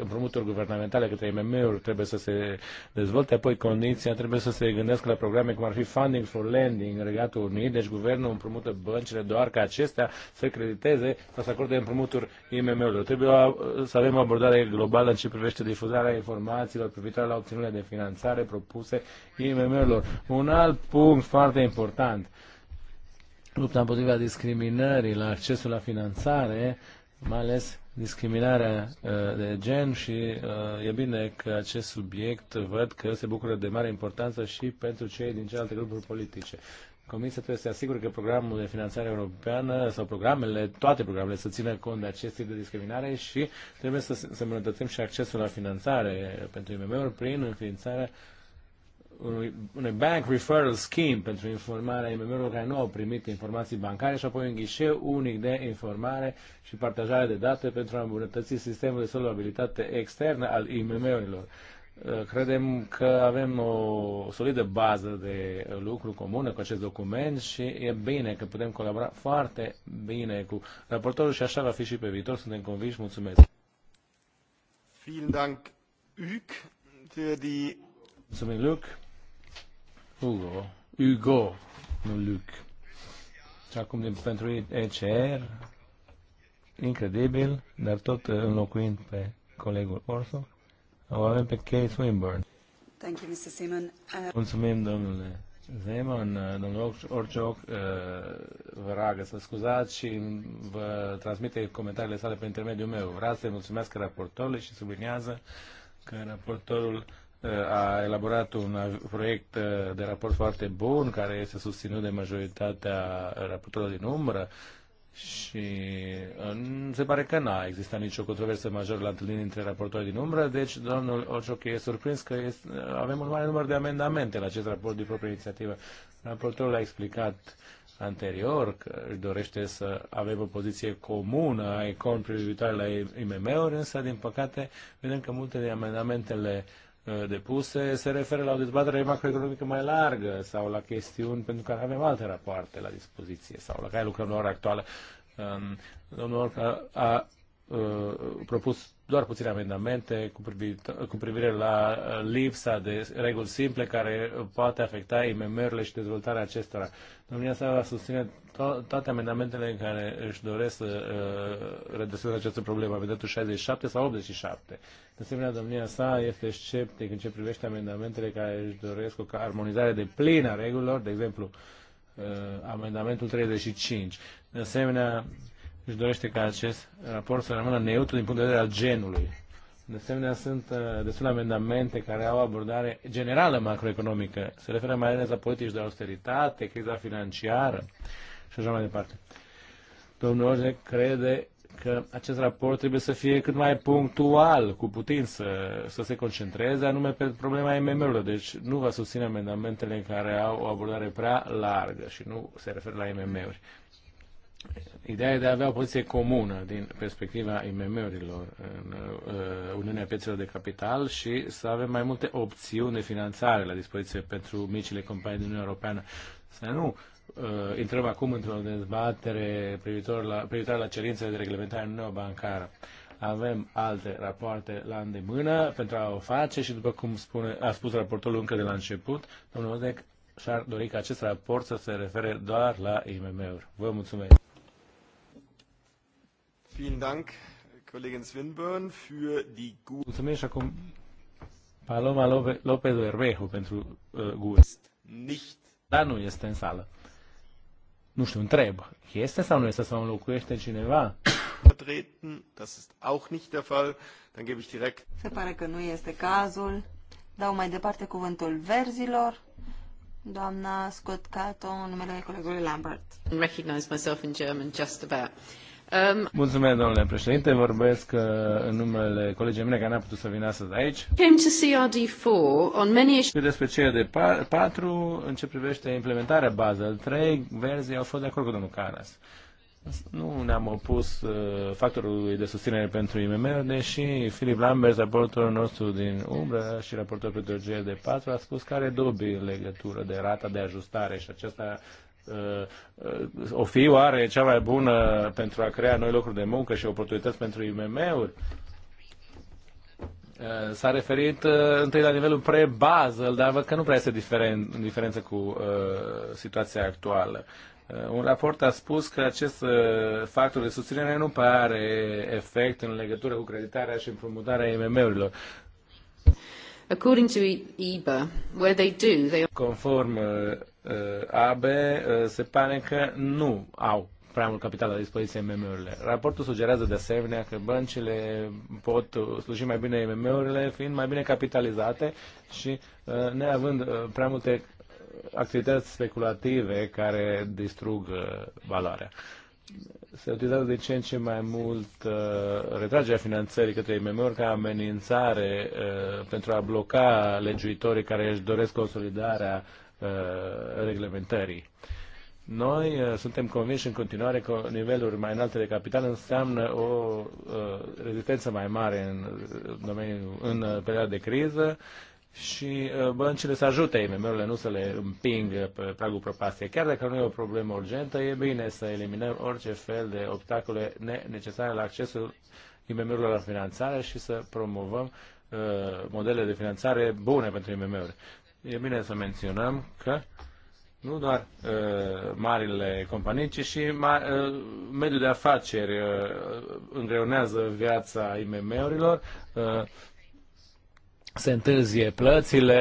împrumuturi guvernamentale către mmu uri trebuie să se dezvolte, apoi condiția trebuie să se gândească la programe cum ar fi Funding for Lending în Regatul Unit, deci guvernul împrumută băncile doar ca acestea să crediteze sau să acorde împrumuturi IMM-urilor. Trebuie să avem o abordare globală în ce privește difuzarea informațiilor privitoare la opțiunile de finanțare propuse IMM-urilor. Un alt punct foarte important lupta împotriva discriminării la accesul la finanțare, mai ales discriminarea uh, de gen și uh, e bine că acest subiect văd că se bucură de mare importanță și pentru cei din celelalte grupuri politice. Comisia trebuie să se asigure că programul de finanțare europeană sau programele, toate programele, să țină cont de acest tip de discriminare și trebuie să, îmbunătățim și accesul la finanțare pentru IMM-uri prin înființarea uh, unui, bank referral scheme pentru informarea IMM-urilor care nu au primit informații bancare și apoi un ghișeu unic de informare și partajare de date pentru a îmbunătăți sistemul de solvabilitate externă al IMM-urilor. Uh, credem că avem o solidă bază de lucru comună cu acest document și e bine că putem colabora foarte bine cu raportorul și așa va fi și pe viitor. Suntem convinși. Mulțumesc! Vielen Dank, für die Mulțumim, Luc. Hugo, Hugo, nu Luc. Și acum pentru ECR, incredibil, dar tot înlocuind pe colegul Orso, o avem pe Kate Swinburne. Thank you, Mr. Simon. Uh... Mulțumim, domnule Zeman, uh, domnul Orcioc, uh, vă ragă să scuzați și vă transmite comentariile sale pe intermediul meu. Vreau să-i mulțumesc raportorului și sublinează că raportorul a elaborat un proiect uh, de raport foarte bun, care este susținut de majoritatea raportorilor din umbră și uh, se pare că n-a existat nicio controversă majoră la întâlnire între raportorii din umbră, deci domnul Ocioc e surprins că este, uh, avem un mare număr de amendamente la acest raport de proprie inițiativă. Raportorul a explicat anterior că își dorește să avem o poziție comună a econ privitoare la IMM-uri, însă, din păcate, vedem că multe din amendamentele Uh, depuse se referă la o dezbatere macroeconomică mai largă sau la chestiuni pentru care avem alte rapoarte la dispoziție sau la care lucrăm la ora actuală. Um, domnul Orca a uh, propus doar puține amendamente cu, privire, cu privire la uh, lipsa de reguli simple care poate afecta IMM-urile și dezvoltarea acestora. Domnia sa va susține to- toate amendamentele în care își doresc să uh, redreseze această problemă, amendamentul 67 sau 87 de asemenea, domnia sa este sceptic în ce privește amendamentele care își doresc o armonizare de plină a regulilor, de exemplu, uh, amendamentul 35. De asemenea, își dorește ca acest raport să rămână neutru din punct de vedere al genului. De asemenea, sunt uh, destul amendamente care au abordare generală macroeconomică. Se referă mai ales la politici de austeritate, criza financiară și așa mai departe. Domnul Orge crede că acest raport trebuie să fie cât mai punctual, cu putință, să se concentreze anume pe problema IMM-urilor. Deci nu va susține amendamentele în care au o abordare prea largă și nu se referă la IMM-uri. Ideea e de a avea o poziție comună din perspectiva IMM-urilor în uh, Uniunea Piețelor de Capital și să avem mai multe opțiuni de finanțare la dispoziție pentru micile companii din Uniunea Europeană. Să nu uh, intrăm acum într-o dezbatere privitor la, privitor la cerințele de reglementare neobancară. Avem alte rapoarte la îndemână pentru a o face și, după cum spune, a spus raportul încă de la început, domnul Odec și-ar dori ca acest raport să se refere doar la IMM-uri. Vă mulțumesc! Dank, für die Mulțumesc acum Paloma López Bermejo pentru uh, gust. Dar nu este în sală. Nu știu, întreb. Este sau nu este sau înlocuiește cineva? vertreten. Das ist auch nicht der Fall. Dann gebe ich direkt. Se pare că nu este cazul. Dau mai departe cuvântul verzilor. Doamna Scott Cato, numele colegului Lambert. recognize myself in German just about. Um... Mulțumesc, domnule președinte. Vorbesc uh, în numele colegii mele care n-a putut să vină astăzi aici. Came to CRD4 on many issues. Despre CRD4, în ce privește implementarea Basel 3, verzii au fost de acord cu domnul Caras. Nu ne-am opus uh, factorului de susținere pentru imm deși Filip Lambert, raportorul nostru din umbră și raportorul pentru GD4, a spus că are dubii în legătură de rata de ajustare și aceasta Uh, uh, o fi oare cea mai bună pentru a crea noi locuri de muncă și oportunități pentru IMM-uri? Uh, s-a referit întâi la nivelul pre-bază, dar văd că nu prea este diferen, în diferență cu uh, situația actuală. Uh, un raport a spus că acest uh, factor de susținere nu are efect în legătură cu creditarea și împrumutarea IMM-urilor. According to EBA, where they do, they... Conform ABE se pare că nu au prea mult capital la dispoziție MM-urile. Raportul sugerează de asemenea că băncile pot sluji mai bine MM-urile fiind mai bine capitalizate și neavând prea multe activități speculative care distrug valoarea. Se utilizează de ce în ce mai mult uh, retragerea finanțării către mm uri ca amenințare uh, pentru a bloca legiuitorii care își doresc consolidarea Uh, reglementării. Noi uh, suntem convinși în continuare că niveluri mai înalte de capital înseamnă o uh, rezistență mai mare în, domeniul, în perioada de criză și băncile să ajute IMM-urile, nu să le împingă pe pragul propastiei. Chiar dacă nu e o problemă urgentă, e bine să eliminăm orice fel de obstacole necesare la accesul IMM-urilor la finanțare și să promovăm modele de finanțare bune pentru IMM-uri e bine să menționăm că nu doar uh, marile companii, ci și ma- uh, mediul de afaceri uh, îngreunează viața IMM-urilor. Uh, se întârzie plățile,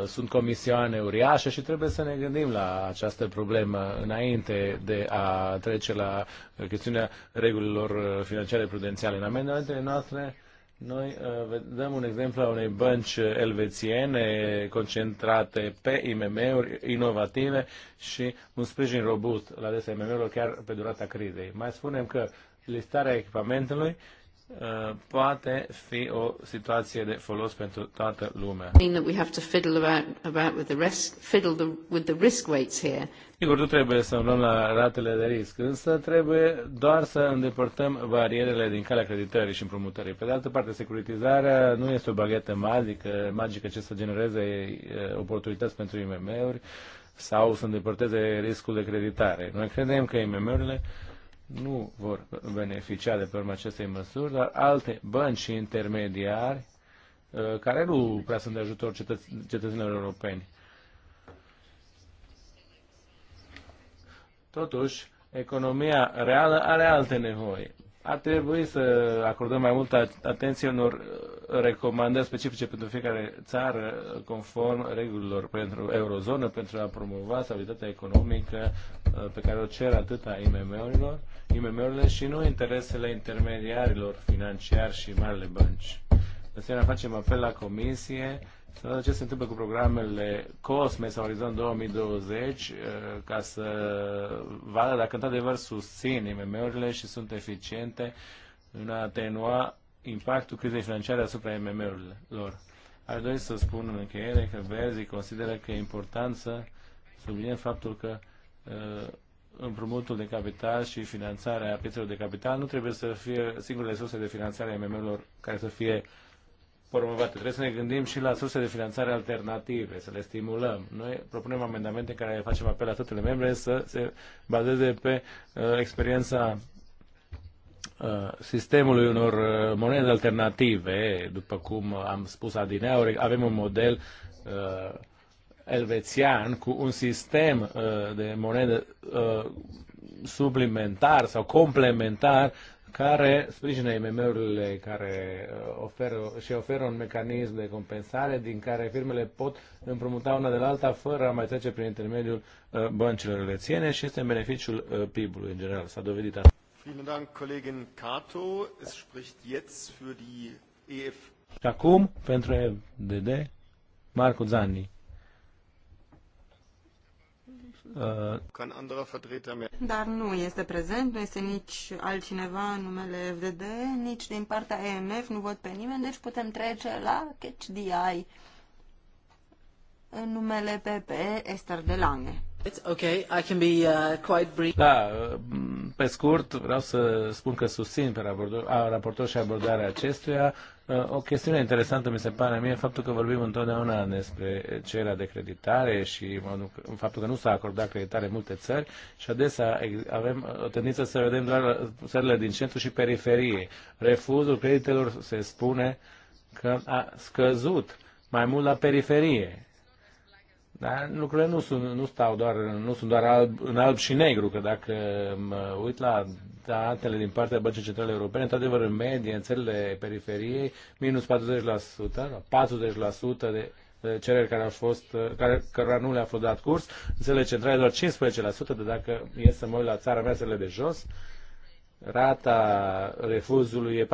uh, sunt comisioane uriașe și trebuie să ne gândim la această problemă înainte de a trece la chestiunea regulilor uh, financiare prudențiale. În amendamentele noastre noi uh, dăm un exemplu a unei bănci elvețiene concentrate pe IMM-uri inovative și un sprijin robust la adresa IMM-urilor chiar pe durata crizei. Mai spunem că listarea echipamentului uh, Uh, poate fi o situație de folos pentru toată lumea. Sigur, nu trebuie să luăm la ratele de risc, însă trebuie doar să îndepărtăm barierele din calea creditării și împrumutării. Pe de altă parte, securitizarea nu este o baghetă magică, magică ce să genereze uh, oportunități pentru IMM-uri sau să îndepărteze riscul de creditare. Noi credem că IMM-urile uh, nu vor beneficia de pe urma acestei măsuri, dar alte bănci și intermediari uh, care nu prea sunt de ajutor cetăț cetățenilor europeni. Totuși, economia reală are alte nevoi ar trebui să acordăm mai multă atenție unor uh, recomandări specifice pentru fiecare țară uh, conform regulilor pentru eurozonă, pentru a promova stabilitatea economică uh, pe care o cer atâta IMM-urilor, IMM-urile și nu interesele intermediarilor financiari și marile bănci. De asemenea, facem apel la Comisie să vedem ce se întâmplă cu programele COSME sau Orizont 2020 eh, ca să vadă dacă într-adevăr susțin IMM-urile și sunt eficiente în a atenua impactul crizei financiare asupra IMM-urilor. Aș dori să spun în încheiere că Verzi consideră că e important să subliniem faptul că eh, împrumutul de capital și finanțarea piețelor de capital nu trebuie să fie singurele surse de finanțare a IMM-urilor care să fie uh, promovate. Trebuie să ne gândim și la surse de finanțare alternative, să le stimulăm. Noi propunem amendamente în care facem apel la toate membre să se bazeze pe uh, experiența uh, sistemului unor uh, monede alternative, după cum am spus adineauri, avem un model uh, elvețian cu un sistem uh, de monede uh, suplimentar sau complementar care sprijină IMM-urile care uh, oferă, și oferă un mecanism de compensare din care firmele pot împrumuta una de la alta fără a mai trece prin intermediul uh, băncilor elețiene și este în beneficiul uh, PIB-ului în general. S-a dovedit asta. Vielen Dank, Kollegin Cato. Es spricht jetzt für die EF. Și acum, pentru Marco Zanni. Dar nu este prezent, nu este nici altcineva în numele FDD, nici din partea EMF, nu văd pe nimeni, deci putem trece la Catch în numele PP Esther de Lange. Okay, I can be uh, quite brief. Da, pe scurt, vreau să spun că susțin pe raportor, a, raportor și abordarea acestuia. Uh, o chestiune interesantă mi se pare mie faptul că vorbim întotdeauna despre cererea de creditare și faptul că nu s-a acordat creditare în multe țări și adesea avem o tendință să vedem doar țările din centru și periferie. Refuzul creditelor se spune că a scăzut mai mult la periferie dar lucrurile nu sunt, nu stau doar, nu sunt doar alb, în alb și negru, că dacă mă uit la datele din partea Băncii Centrale Europene, într-adevăr, în medie, în țările periferiei, minus 40%, 40% de cereri care au fost, care, care nu le-a fost dat curs, în țările centrale doar 15%, de dacă e să mă uit la țara mea, țările de jos, rata refuzului e 45%,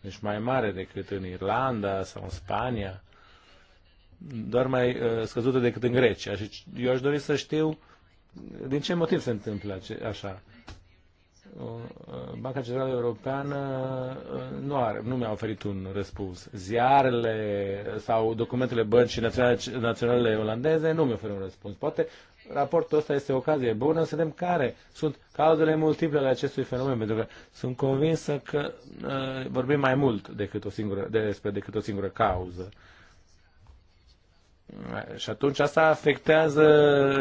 deci mai mare decât în Irlanda sau în Spania doar mai uh, scăzută decât în Grecia. Și eu aș dori să știu din ce motiv se întâmplă așa. Uh, Banca Centrală Europeană uh, nu, are, nu mi-a oferit un răspuns. Ziarele sau documentele băncii naționale, naționale olandeze nu mi au oferit un răspuns. Poate raportul ăsta este o ocazie bună să vedem care sunt cauzele multiple ale acestui fenomen, pentru că sunt convinsă că uh, vorbim mai mult decât o singură, despre decât o singură cauză. Uh, și atunci asta afectează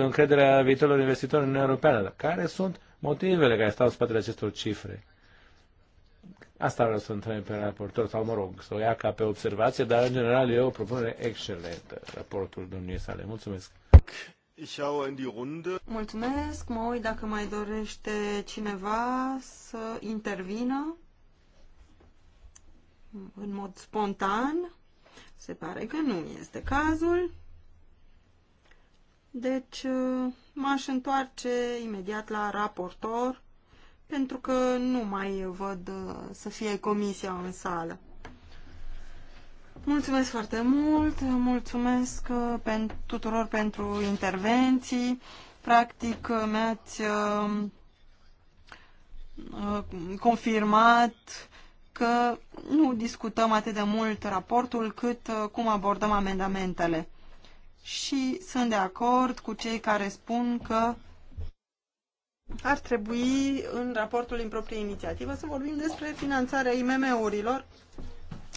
încrederea viitorilor investitori în Uniunea Europeană. Dar care sunt motivele care stau în spatele acestor cifre? Asta vreau să întreb pe raportor, sau mă rog, să o ia ca pe observație, dar în general e o propunere excelentă, raportul domniei sale. Mulțumesc! Mulțumesc, mă uit dacă mai dorește cineva să intervină în mod spontan. Se pare că nu este cazul. Deci uh, m-aș întoarce imediat la raportor pentru că nu mai văd uh, să fie comisia în sală. Mulțumesc foarte mult, mulțumesc uh, tuturor pentru intervenții. Practic mi-ați confirmat că nu discutăm atât de mult raportul cât uh, cum abordăm amendamentele. Și sunt de acord cu cei care spun că ar trebui în raportul în proprie inițiativă să vorbim despre finanțarea IMM-urilor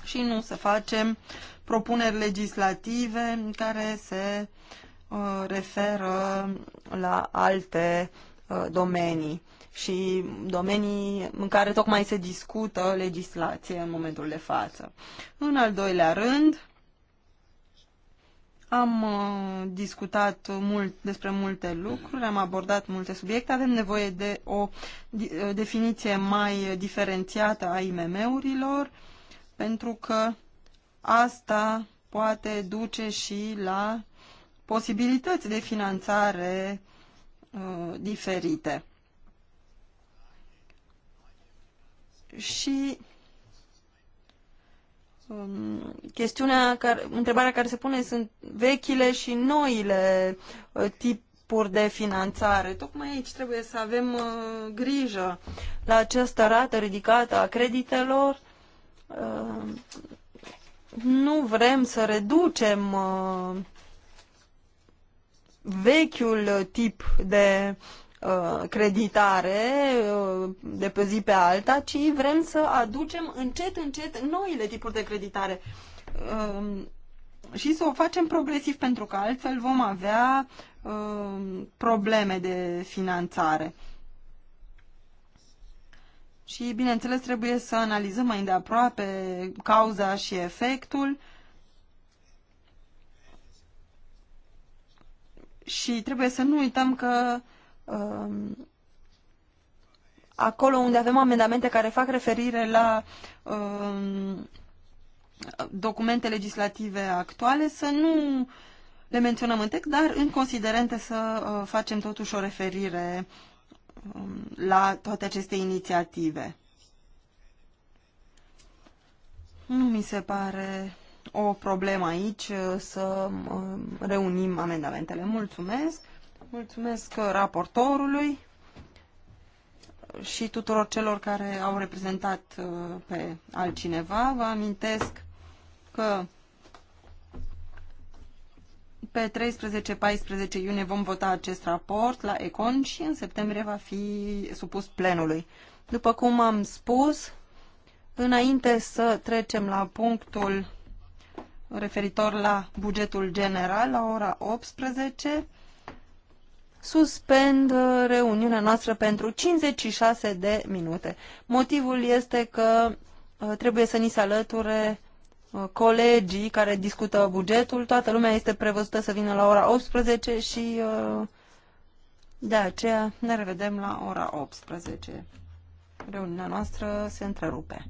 și nu să facem propuneri legislative care se uh, referă la alte uh, domenii și domenii în care tocmai se discută legislație în momentul de față. În al doilea rând, am uh, discutat mult despre multe lucruri, am abordat multe subiecte, avem nevoie de o uh, definiție mai diferențiată a IMM-urilor, pentru că asta poate duce și la posibilități de finanțare uh, diferite. și um, chestiunea, care, întrebarea care se pune sunt vechile și noile uh, tipuri de finanțare. Tocmai aici trebuie să avem uh, grijă la această rată ridicată a creditelor. Uh, nu vrem să reducem uh, vechiul tip de Uh, creditare uh, de pe zi pe alta, ci vrem să aducem încet, încet noile tipuri de creditare um, și să o facem progresiv, pentru că altfel vom avea um, probleme de finanțare. Și, bineînțeles, trebuie să analizăm mai îndeaproape cauza și efectul și trebuie să nu uităm că uh, Um, acolo unde avem amendamente care fac referire la um, documente legislative actuale, să nu le menționăm în text, dar în considerente să uh, facem totuși o referire um, la toate aceste inițiative. Nu mi se pare o problemă aici uh, să reunim amendamentele. Mulțumesc! Mulțumesc raportorului și tuturor celor care au reprezentat uh, pe altcineva. Vă amintesc că pe 13-14 iunie vom vota acest raport la Econ și în septembrie va fi supus plenului. După cum am spus, înainte să trecem la punctul referitor la bugetul general la ora 18, suspend uh, reuniunea noastră pentru 56 de minute. Motivul este că uh, trebuie să ni se alăture uh, colegii care discută bugetul. Toată lumea este prevăzută să vină la ora 18 și de aceea ne revedem la ora 18. Reuniunea noastră se întrerupe.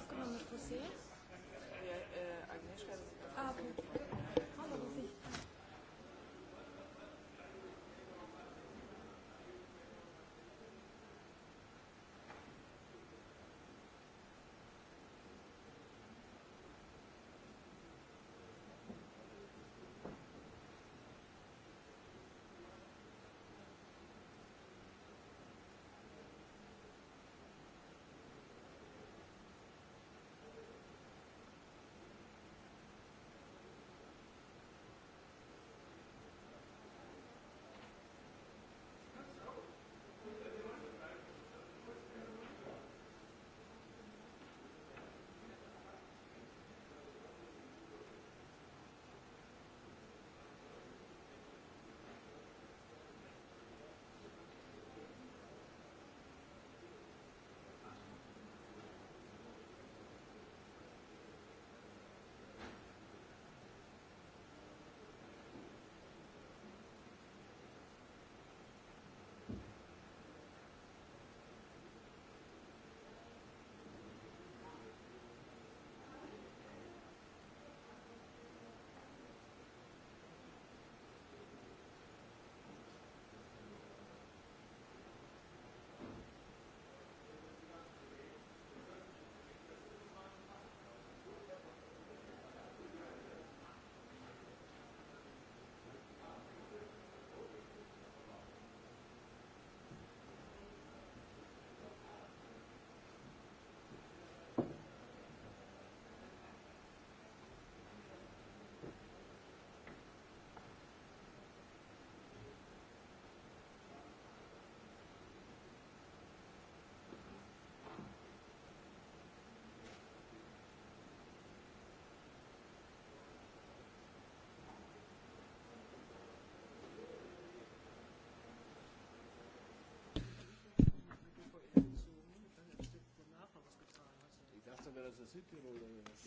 Aufgenommen mit Rosé?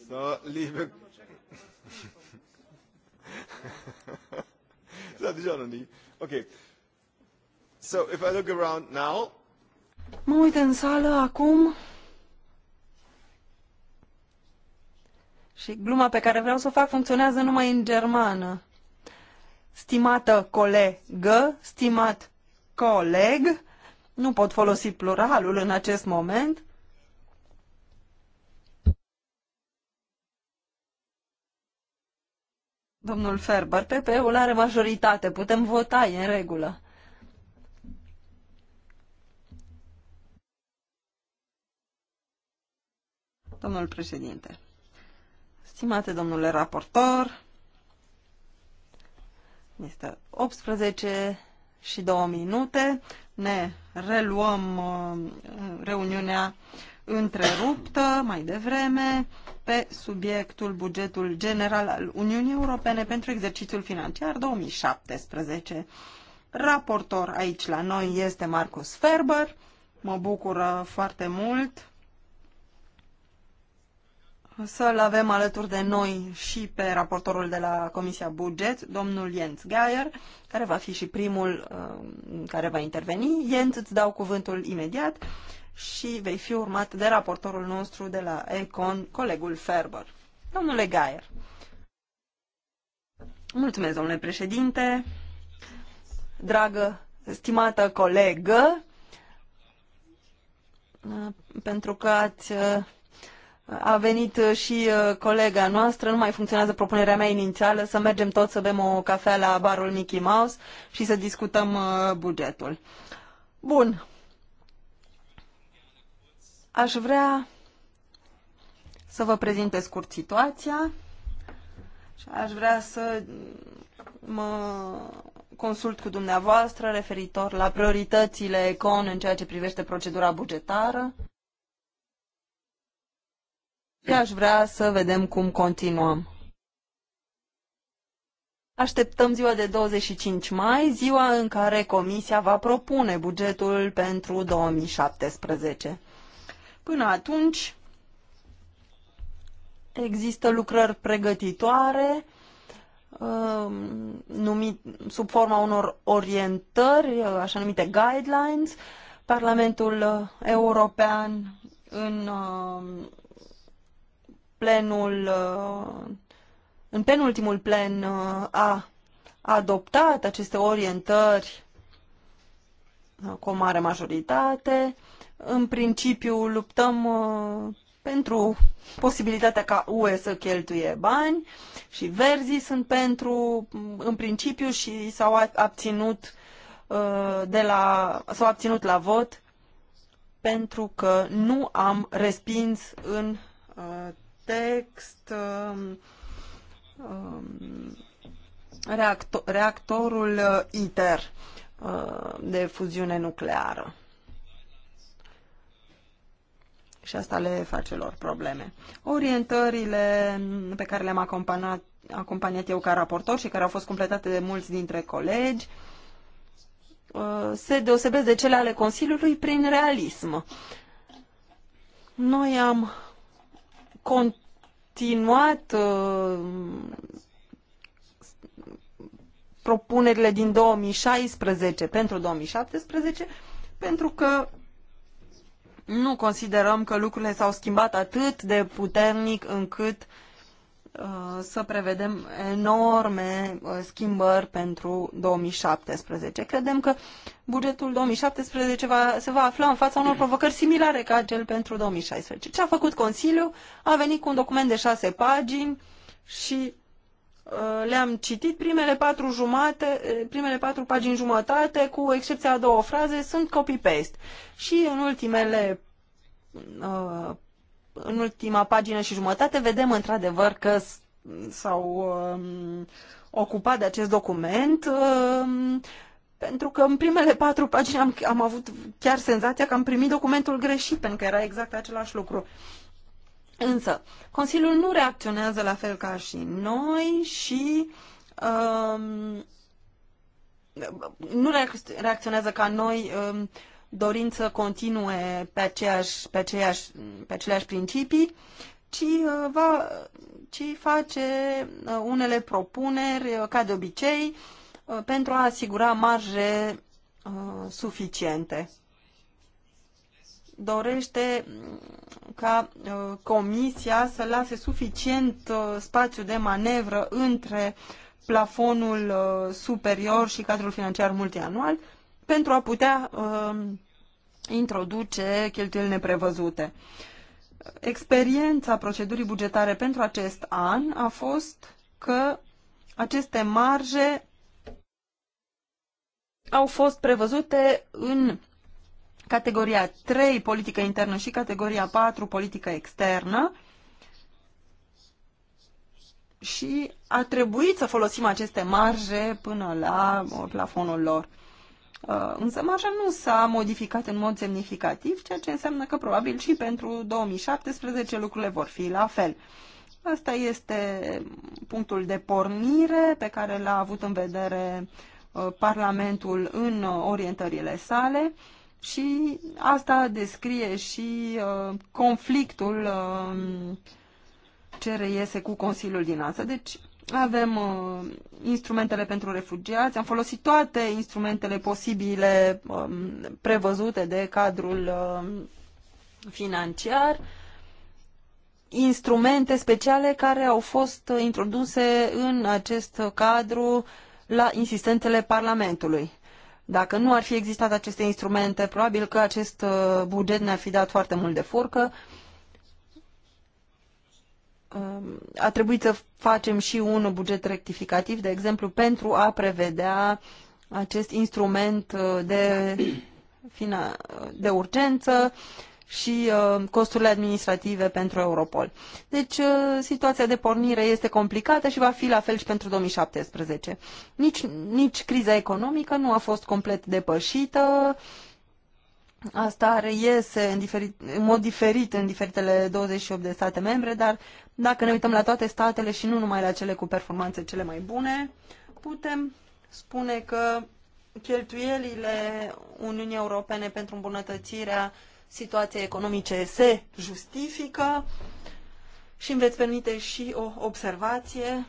So, liebe. so, hatte ich auch noch nie. Okay. So, if I look around now. Mă uit în sală acum. Și gluma pe care vreau să o fac funcționează numai în germană. Stimată colegă, stimat coleg, nu pot folosi pluralul în acest moment. Domnul Ferber, PP-ul are majoritate, putem vota, e în regulă. Domnul președinte, stimate domnule raportor, este 18 și 2 minute, ne reluăm uh, reuniunea întreruptă mai devreme pe subiectul bugetul general al Uniunii Europene pentru exercițiul financiar 2017. Raportor aici la noi este Marcus Ferber. Mă bucură foarte mult să-l avem alături de noi și pe raportorul de la Comisia Buget, domnul Jens Geier, care va fi și primul uh, care va interveni. Jens, îți dau cuvântul imediat și vei fi urmat de raportorul nostru de la Econ, colegul Ferber. Domnule Gaier. Mulțumesc, domnule președinte. Dragă, stimată colegă, pentru că ați a venit și uh, colega noastră, nu mai funcționează propunerea mea inițială să mergem toți să bem o cafea la barul Mickey Mouse și să discutăm uh, bugetul. Bun, Aș vrea să vă prezint pe scurt situația și aș vrea să mă consult cu dumneavoastră referitor la prioritățile ECON în ceea ce privește procedura bugetară și aș vrea să vedem cum continuăm. Așteptăm ziua de 25 mai, ziua în care Comisia va propune bugetul pentru 2017. Până atunci există lucrări pregătitoare um, numit, sub forma unor orientări, așa numite guidelines. Parlamentul European în um, plenul uh, în penultimul plen uh, a adoptat aceste orientări cu o mare majoritate în principiu luptăm uh, pentru posibilitatea ca UE să cheltuie bani și verzii sunt pentru, mm, în principiu, și s-au abținut uh, de la, s-au abținut la vot pentru că nu am respins în uh, text um, um, reactor, reactorul uh, ITER uh, de fuziune nucleară și asta le face lor probleme. Orientările pe care le-am acompaniat, acompaniat eu ca raportor și care au fost completate de mulți dintre colegi uh, se deosebesc de cele ale Consiliului prin realism. Noi am continuat uh, propunerile din 2016 pentru 2017 pentru că nu considerăm că lucrurile s-au schimbat atât de puternic încât uh, să prevedem enorme uh, schimbări pentru 2017. Credem că bugetul 2017 va, se va afla în fața unor provocări similare ca cel pentru 2016. Ce a făcut Consiliul? A venit cu un document de șase pagini și Uh, le-am citit, primele patru, jumate, uh, primele patru pagini jumătate, cu excepția a două fraze, sunt copy-paste. Și în ultimele uh, în ultima pagină și jumătate vedem într-adevăr că s-au um, ocupat de acest document um, pentru că în primele patru pagini am, am avut chiar senzația că am primit documentul greșit, pentru că era exact același lucru. Uh, Însă, Consiliul nu reacționează la fel ca și noi și um, nu reacționează ca noi um, dorind să continue pe, aceeași, pe, aceeași, pe aceleași principii, ci, uh, va, ci face uh, unele propuneri, uh, ca de obicei, uh, pentru a asigura marje uh, suficiente dorește mm, ca uh, Comisia să lase suficient uh, spațiu de manevră între plafonul uh, superior și cadrul financiar multianual pentru a putea um, introduce cheltuieli neprevăzute. Experiența procedurii bugetare pentru acest an a fost că aceste marje au fost prevăzute în categoria 3, politică internă, și categoria 4, politică externă. Și a trebuit să folosim aceste marje până la uh, plafonul lor. Uh, însă marja nu s-a modificat în mod semnificativ, ceea ce înseamnă că probabil și pentru 2017 lucrurile vor fi la fel. Asta este punctul de pornire pe care l-a avut în vedere uh, Parlamentul în orientările sale. Și asta descrie și uh, conflictul uh, ce reiese cu Consiliul din asta. Deci avem uh, instrumentele pentru refugiați, am folosit toate instrumentele posibile uh, prevăzute de cadrul uh, financiar, instrumente speciale care au fost uh, introduse în acest cadru la insistențele Parlamentului. Dacă nu ar fi existat aceste instrumente, probabil că acest uh, buget ne-ar fi dat foarte mult de furcă. Um, a trebuit să facem și un buget rectificativ, de exemplu, pentru a prevedea acest instrument uh, de, de urgență și uh, costurile administrative pentru Europol. Deci uh, situația de pornire este complicată și va fi la fel și pentru 2017. Nici, nici criza economică nu a fost complet depășită. Asta reiese în, diferit, în mod diferit în diferitele 28 de state membre, dar dacă ne uităm la toate statele și nu numai la cele cu performanțe cele mai bune, putem spune că cheltuielile Uniunii Europene pentru îmbunătățirea uh, situația economice se justifică și îmi veți permite și o observație.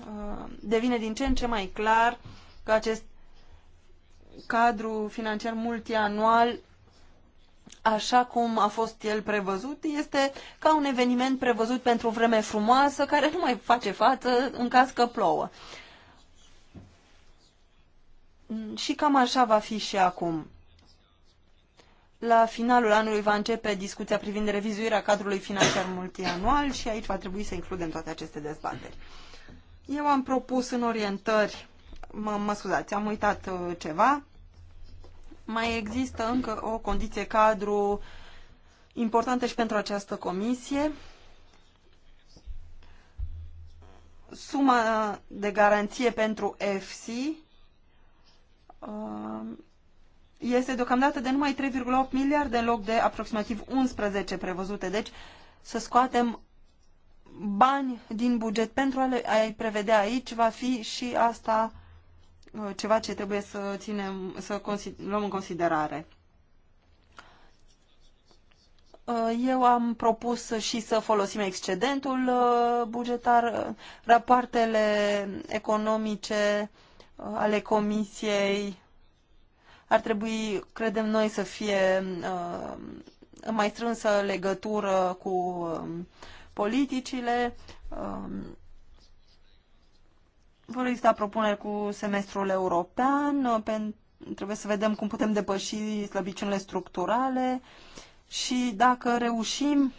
Uh, devine din ce în ce mai clar că acest cadru financiar multianual așa cum a fost el prevăzut, este ca un eveniment prevăzut pentru vreme frumoasă, care nu mai face față în caz că plouă. Și cam așa va fi și acum. La finalul anului va începe discuția privind revizuirea cadrului financiar multianual și aici va trebui să includem toate aceste dezbateri. Eu am propus în orientări, mă, mă scuzați, am uitat uh, ceva, mai există încă o condiție cadru importantă și pentru această comisie. Suma de garanție pentru EFSI este deocamdată de numai 3,8 miliarde în loc de aproximativ 11 prevăzute. Deci să scoatem bani din buget pentru a-i prevedea aici va fi și asta uh, ceva ce trebuie să, ținem, să luăm în considerare. Uh, eu am propus și să folosim excedentul uh, bugetar, rapoartele economice ale comisiei ar trebui, credem noi, să fie uh, mai strânsă legătură cu um, politicile. Uh, vor exista propuneri cu semestrul european, uh, pentru trebuie să vedem cum putem depăși slăbiciunile structurale și dacă reușim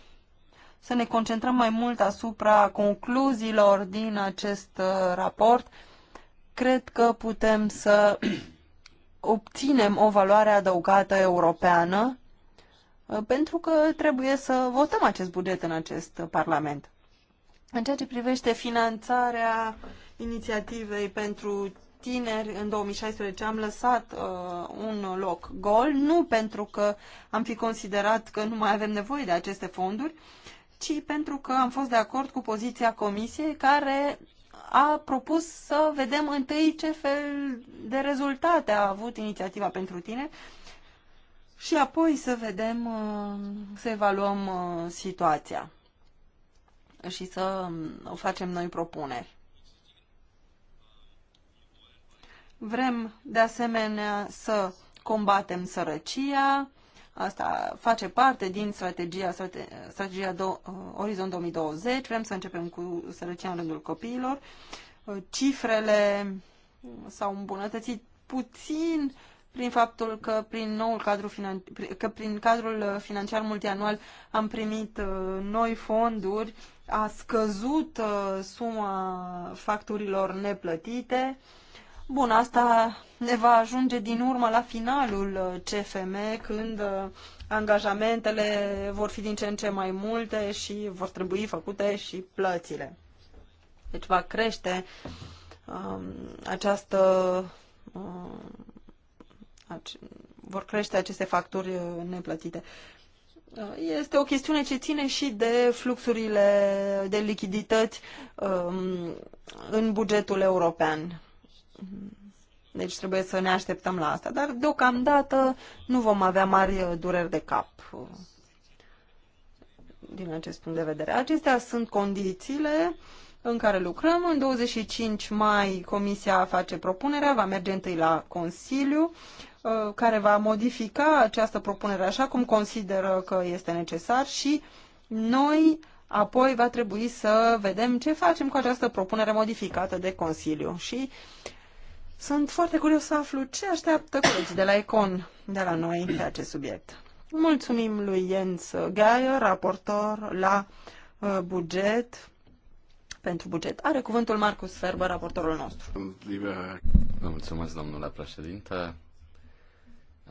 să ne concentrăm mai mult asupra concluziilor din acest uh, raport, cred că putem să obținem o valoare adăugată europeană uh, pentru că trebuie să votăm acest buget în acest Parlament. În ceea ce privește finanțarea inițiativei pentru tineri în 2016 am lăsat uh, un loc gol, nu pentru că am fi considerat că nu mai avem nevoie de aceste fonduri, ci pentru că am fost de acord cu poziția Comisiei care a propus să vedem întâi ce fel de rezultate a avut inițiativa pentru tine și apoi să vedem, uh, să evaluăm uh, situația și să um, facem noi propuneri. Vrem, de asemenea, să combatem sărăcia, Asta face parte din strategia, strategia do, uh, Orizont 2020. Vrem să începem cu sărăcia în rândul copiilor. Uh, cifrele s-au îmbunătățit puțin prin faptul că prin noul cadru finan- că prin cadrul financiar multianual am primit uh, noi fonduri, a scăzut suma facturilor neplătite Bun, asta ne va ajunge din urmă la finalul uh, CFM, când uh, angajamentele vor fi din ce în ce mai multe și vor trebui făcute și plățile. Deci va crește um, această. Um, ace- vor crește aceste facturi neplătite. Este o chestiune ce ține și de fluxurile de lichidități um, în bugetul european. Deci trebuie să ne așteptăm la asta. Dar deocamdată nu vom avea mari dureri de cap uh, din acest punct de vedere. Acestea sunt condițiile în care lucrăm. În 25 mai Comisia face propunerea, va merge întâi la Consiliu, uh, care va modifica această propunere așa cum consideră că este necesar și noi apoi va trebui să vedem ce facem cu această propunere modificată de Consiliu. Și uh, sunt foarte curios să aflu ce așteaptă colegii de la Econ de la noi pe acest subiect. Mulțumim lui Jens Geier, raportor la uh, buget pentru buget. Are cuvântul Marcus Ferber, raportorul nostru. Vă mulțumesc, domnule președinte.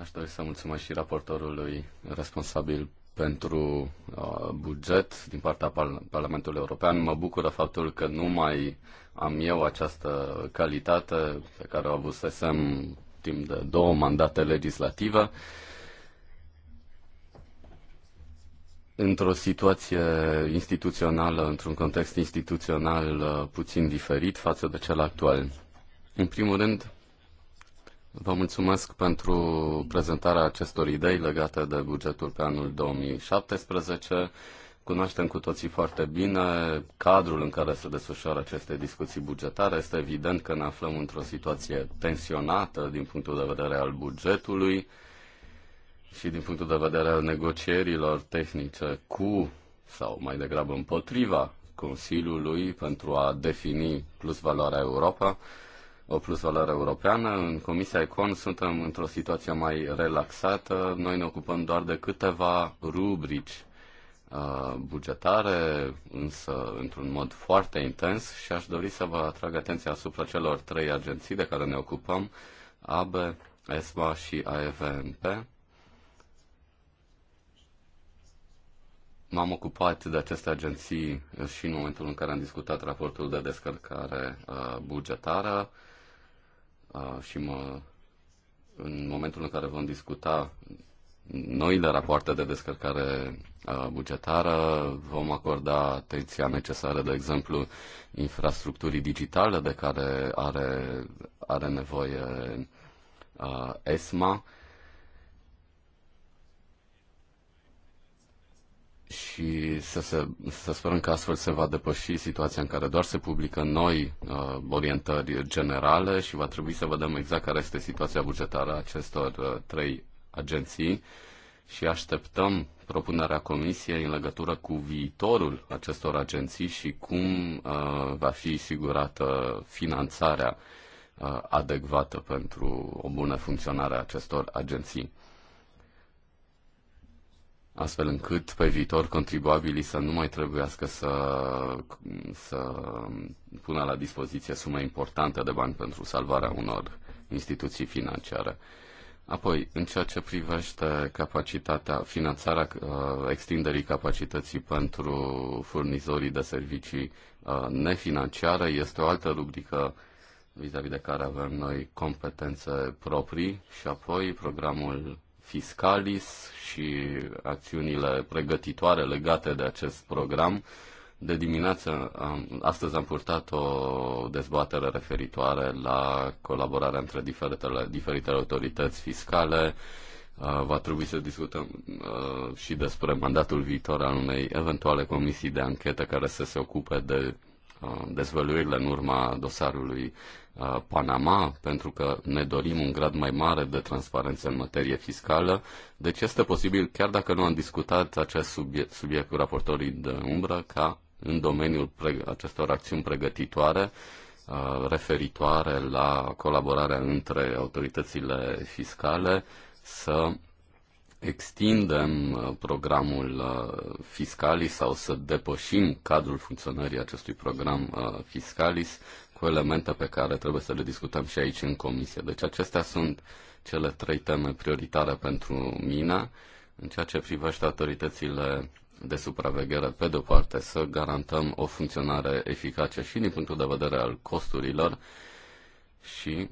Aș dori să mulțumesc și raportorului responsabil pentru uh, buget din partea Parlamentului European. Mă bucură faptul că nu mai am eu această calitate pe care o avusesem timp de două mandate legislative. Într-o situație instituțională, într-un context instituțional uh, puțin diferit față de cel actual. În primul rând, Vă mulțumesc pentru prezentarea acestor idei legate de bugetul pe anul 2017. Cunoaștem cu toții foarte bine cadrul în care se desfășoară aceste discuții bugetare. Este evident că ne aflăm într-o situație tensionată din punctul de vedere al bugetului și din punctul de vedere al negocierilor tehnice cu sau mai degrabă împotriva Consiliului pentru a defini plus valoarea Europa, o plus valoare europeană. În Comisia Econ suntem într-o situație mai relaxată. Noi ne ocupăm doar de câteva rubrici bugetare, însă într-un mod foarte intens și aș dori să vă atrag atenția asupra celor trei agenții de care ne ocupăm, ABE, ESMA și AFNP. M-am ocupat de aceste agenții și în momentul în care am discutat raportul de descărcare bugetară și mă, în momentul în care vom discuta noile rapoarte de descărcare uh, bugetară, vom acorda atenția necesară, de exemplu, infrastructurii digitale de care are, are nevoie uh, ESMA. și să, se, să sperăm că astfel se va depăși situația în care doar se publică noi uh, orientări generale și va trebui să vedem exact care este situația bugetară a acestor uh, trei agenții și așteptăm propunerea Comisiei în legătură cu viitorul acestor agenții și cum uh, va fi asigurată finanțarea uh, adecvată pentru o bună funcționare a acestor agenții astfel încât pe viitor contribuabilii să nu mai trebuiască să, să pună la dispoziție sume importante de bani pentru salvarea unor instituții financiare. Apoi, în ceea ce privește capacitatea, finanțarea uh, extinderii capacității pentru furnizorii de servicii uh, nefinanciare, este o altă rubrică vis-a-vis -vis de care avem noi competențe proprii și apoi programul Fiscalis și acțiunile pregătitoare legate de acest program de dimineață, am, astăzi am purtat o dezbatere referitoare la colaborarea între diferitele, diferitele autorități fiscale. Uh, va trebui să discutăm uh, și despre mandatul viitor al unei eventuale comisii de anchetă care să se ocupe de uh, dezvăluirile în urma dosarului Panama, pentru că ne dorim un grad mai mare de transparență în materie fiscală. Deci este posibil, chiar dacă nu am discutat acest subiect, subiect cu raportorii de umbră, ca în domeniul acestor acțiuni pregătitoare uh, referitoare la colaborarea între autoritățile fiscale să extindem uh, programul uh, Fiscalis sau să depășim cadrul funcționării acestui program Fiscalis cu elemente pe care trebuie să le discutăm și aici în comisie. Deci acestea sunt cele trei teme prioritare pentru mine în ceea ce privește autoritățile de supraveghere, pe de-o parte, să garantăm o funcționare eficace și din punctul de vedere al costurilor și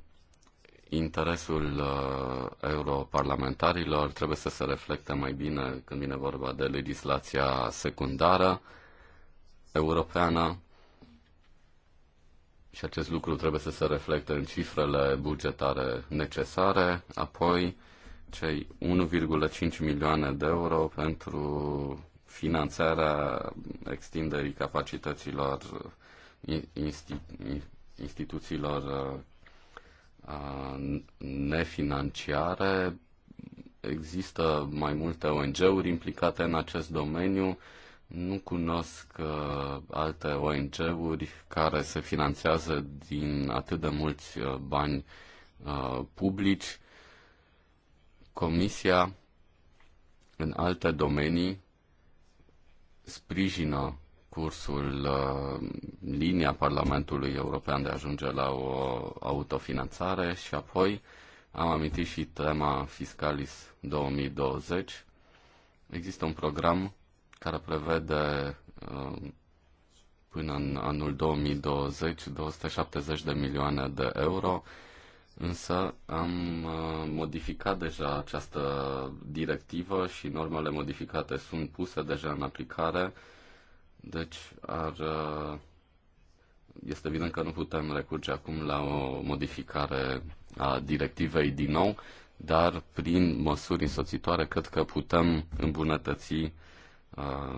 interesul uh, europarlamentarilor trebuie să se reflecte mai bine când vine vorba de legislația secundară europeană și acest lucru trebuie să se reflecte în cifrele bugetare necesare, apoi cei 1,5 milioane de euro pentru finanțarea extinderii capacităților insti- instituțiilor uh, uh, nefinanciare. Există mai multe ONG-uri implicate în acest domeniu. Nu cunosc uh, alte ONG-uri care se finanțează din atât de mulți bani publici. Comisia în alte domenii sprijină cursul, uh, linia Parlamentului European de a ajunge la o autofinanțare și apoi am amintit și tema Fiscalis 2020. Există un program care prevede uh, până în anul 2020 270 de milioane de euro Însă am uh, modificat deja această directivă și normele modificate sunt puse deja în aplicare, deci ar, uh, este evident că nu putem recurge acum la o modificare a directivei din nou, dar prin măsuri însoțitoare cred că putem îmbunătăți uh,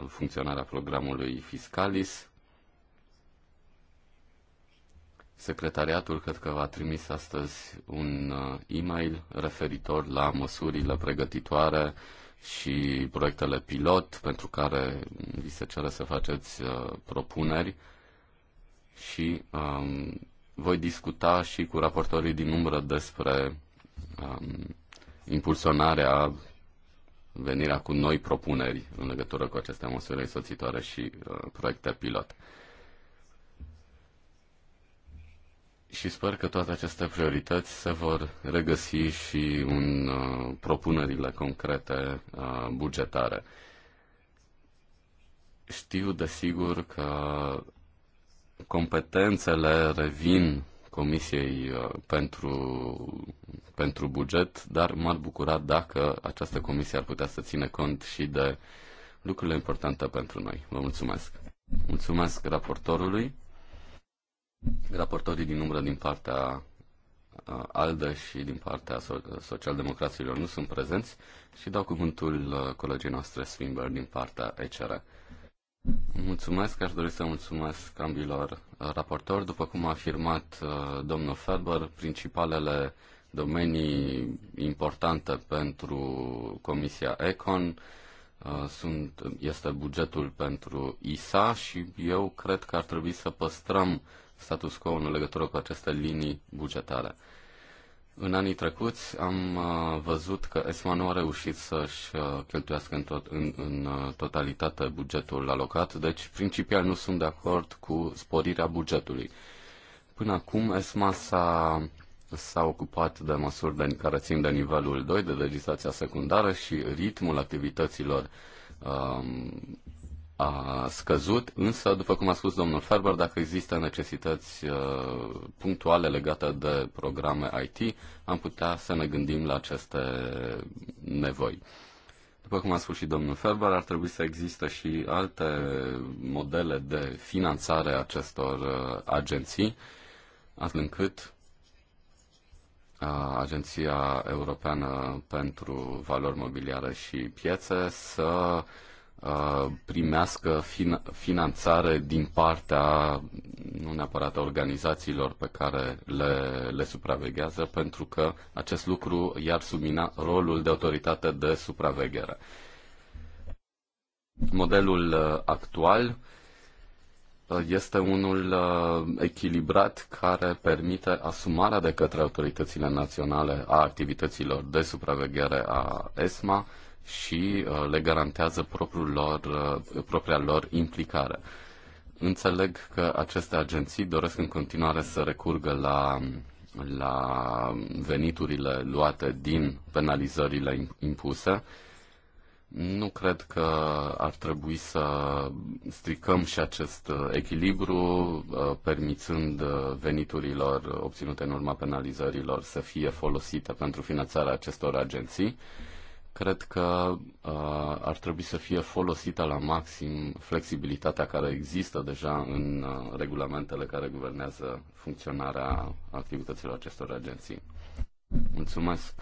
funcționarea programului Fiscalis Secretariatul cred că a trimis astăzi un uh, e-mail referitor la măsurile pregătitoare și proiectele pilot pentru care vi se cere să faceți uh, propuneri și um, voi discuta și cu raportorii din umbră despre um, impulsionarea, venirea cu noi propuneri în legătură cu aceste măsuri însoțitoare și uh, proiecte pilot. și sper că toate aceste priorități se vor regăsi și în uh, propunerile concrete uh, bugetare. Știu desigur că competențele revin Comisiei uh, pentru, pentru buget, dar m-ar bucura dacă această comisie ar putea să țină cont și de lucrurile importante pentru noi. Vă mulțumesc. Mulțumesc raportorului. Raportorii din umbră din partea uh, ALDE și din partea socialdemocraților nu sunt prezenți și dau cuvântul uh, colegii noastre Swinburne din partea ECR. Mulțumesc, aș dori să mulțumesc ambilor uh, raportori. După cum a afirmat domnul Ferber, principalele domenii importante pentru Comisia Econ sunt, este bugetul pentru ISA și eu cred că ar trebui să păstrăm status quo în legătură cu aceste linii bugetare. În anii trecuți am uh, văzut că ESMA nu a reușit să-și uh, cheltuiască în, tot, în, în uh, totalitate bugetul alocat, deci principial nu sunt de acord cu sporirea bugetului. Până acum ESMA s-a, s-a ocupat de măsuri de, care țin de nivelul 2, de legislația secundară și ritmul activităților um, a scăzut, însă, după cum a spus domnul Ferber, dacă există necesități uh, punctuale legate de programe IT, am putea să ne gândim la aceste nevoi. După cum a spus și domnul Ferber, ar trebui să există și alte modele de finanțare a acestor uh, agenții, astfel încât uh, Agenția Europeană pentru Valori Mobiliare și Piețe să Uh, primească fin- finanțare din partea nu neapărat a organizațiilor pe care le, le supraveghează, pentru că acest lucru i-ar submina rolul de autoritate de supraveghere. Modelul uh, actual uh, este unul echilibrat care permite asumarea de către autoritățile naționale a activităților de supraveghere a ESMA, și uh, le garantează propriul lor, uh, propria lor implicare. Înțeleg că aceste agenții doresc în continuare să recurgă la, la veniturile luate din penalizările impuse. Nu cred că ar trebui să stricăm și acest uh, echilibru, permițând veniturilor obținute în urma penalizărilor să fie folosite pentru finanțarea acestor agenții cred că uh, ar trebui să fie folosită la maxim flexibilitatea care există deja în uh, regulamentele care guvernează funcționarea activităților acestor agenții. Mulțumesc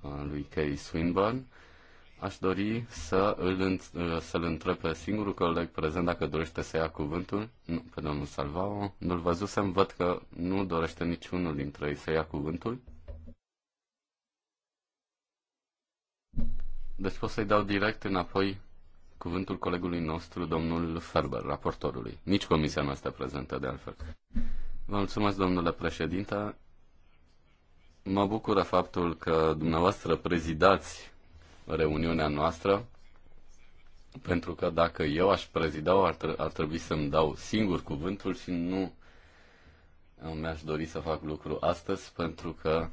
uh, lui Kay Swinburne. Aș dori să îl, uh, să-l întreb pe singurul coleg prezent dacă dorește să ia cuvântul. Nu, pe domnul Salvao. Nu-l văzusem, văd că nu dorește niciunul dintre ei să ia cuvântul. Deci pot să-i dau direct înapoi cuvântul colegului nostru, domnul Ferber, raportorului. Nici comisia nu este prezentă, de altfel. Vă mulțumesc, domnule președinte. Mă bucură faptul că dumneavoastră prezidați reuniunea noastră, pentru că dacă eu aș prezida, ar, tre- ar trebui să-mi dau singur cuvântul și nu mi-aș dori să fac lucru astăzi, pentru că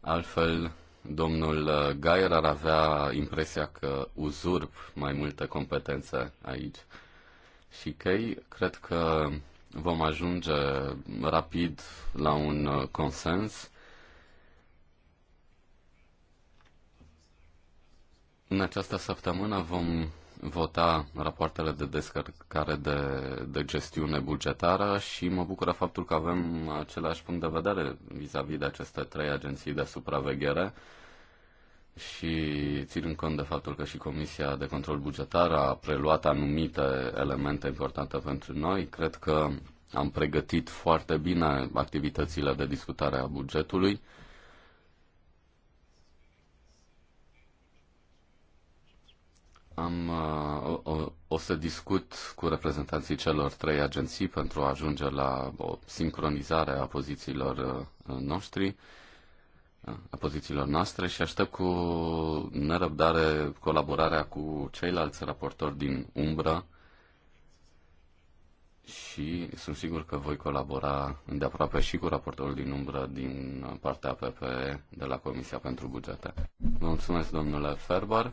altfel Domnul uh, Gaier ar avea impresia că uzurp mai multe competențe aici. Și că cred că vom ajunge rapid la un uh, consens. În această săptămână vom vota rapoartele de descărcare de, de gestiune bugetară și mă bucură faptul că avem același punct de vedere vis-a-vis -vis de aceste trei agenții de supraveghere și ținând cont de faptul că și Comisia de Control Bugetar a preluat anumite elemente importante pentru noi, cred că am pregătit foarte bine activitățile de discutare a bugetului. Am, uh, o, o să discut cu reprezentanții celor trei agenții pentru a ajunge la o sincronizare a pozițiilor uh, noștri a pozițiilor noastre și aștept cu nerăbdare colaborarea cu ceilalți raportori din Umbra și sunt sigur că voi colabora îndeaproape și cu raportorul din umbră din partea PPE de la Comisia pentru Bugete. Vă mulțumesc, domnule Ferbar.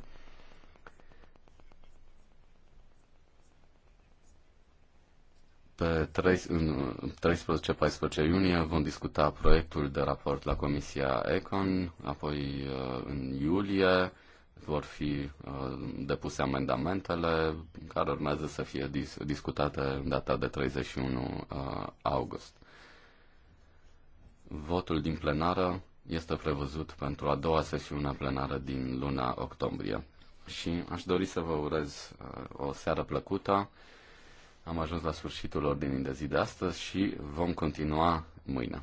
Pe 13-14 iunie vom discuta proiectul de raport la Comisia ECON, apoi uh, în iulie vor fi uh, depuse amendamentele care urmează să fie discutate în data de 31 uh, august. Votul din plenară este prevăzut pentru a doua sesiune plenară din luna octombrie. Și aș dori să vă urez o seară plăcută. Am ajuns la sfârșitul ordinii de zi de astăzi și vom continua mâine.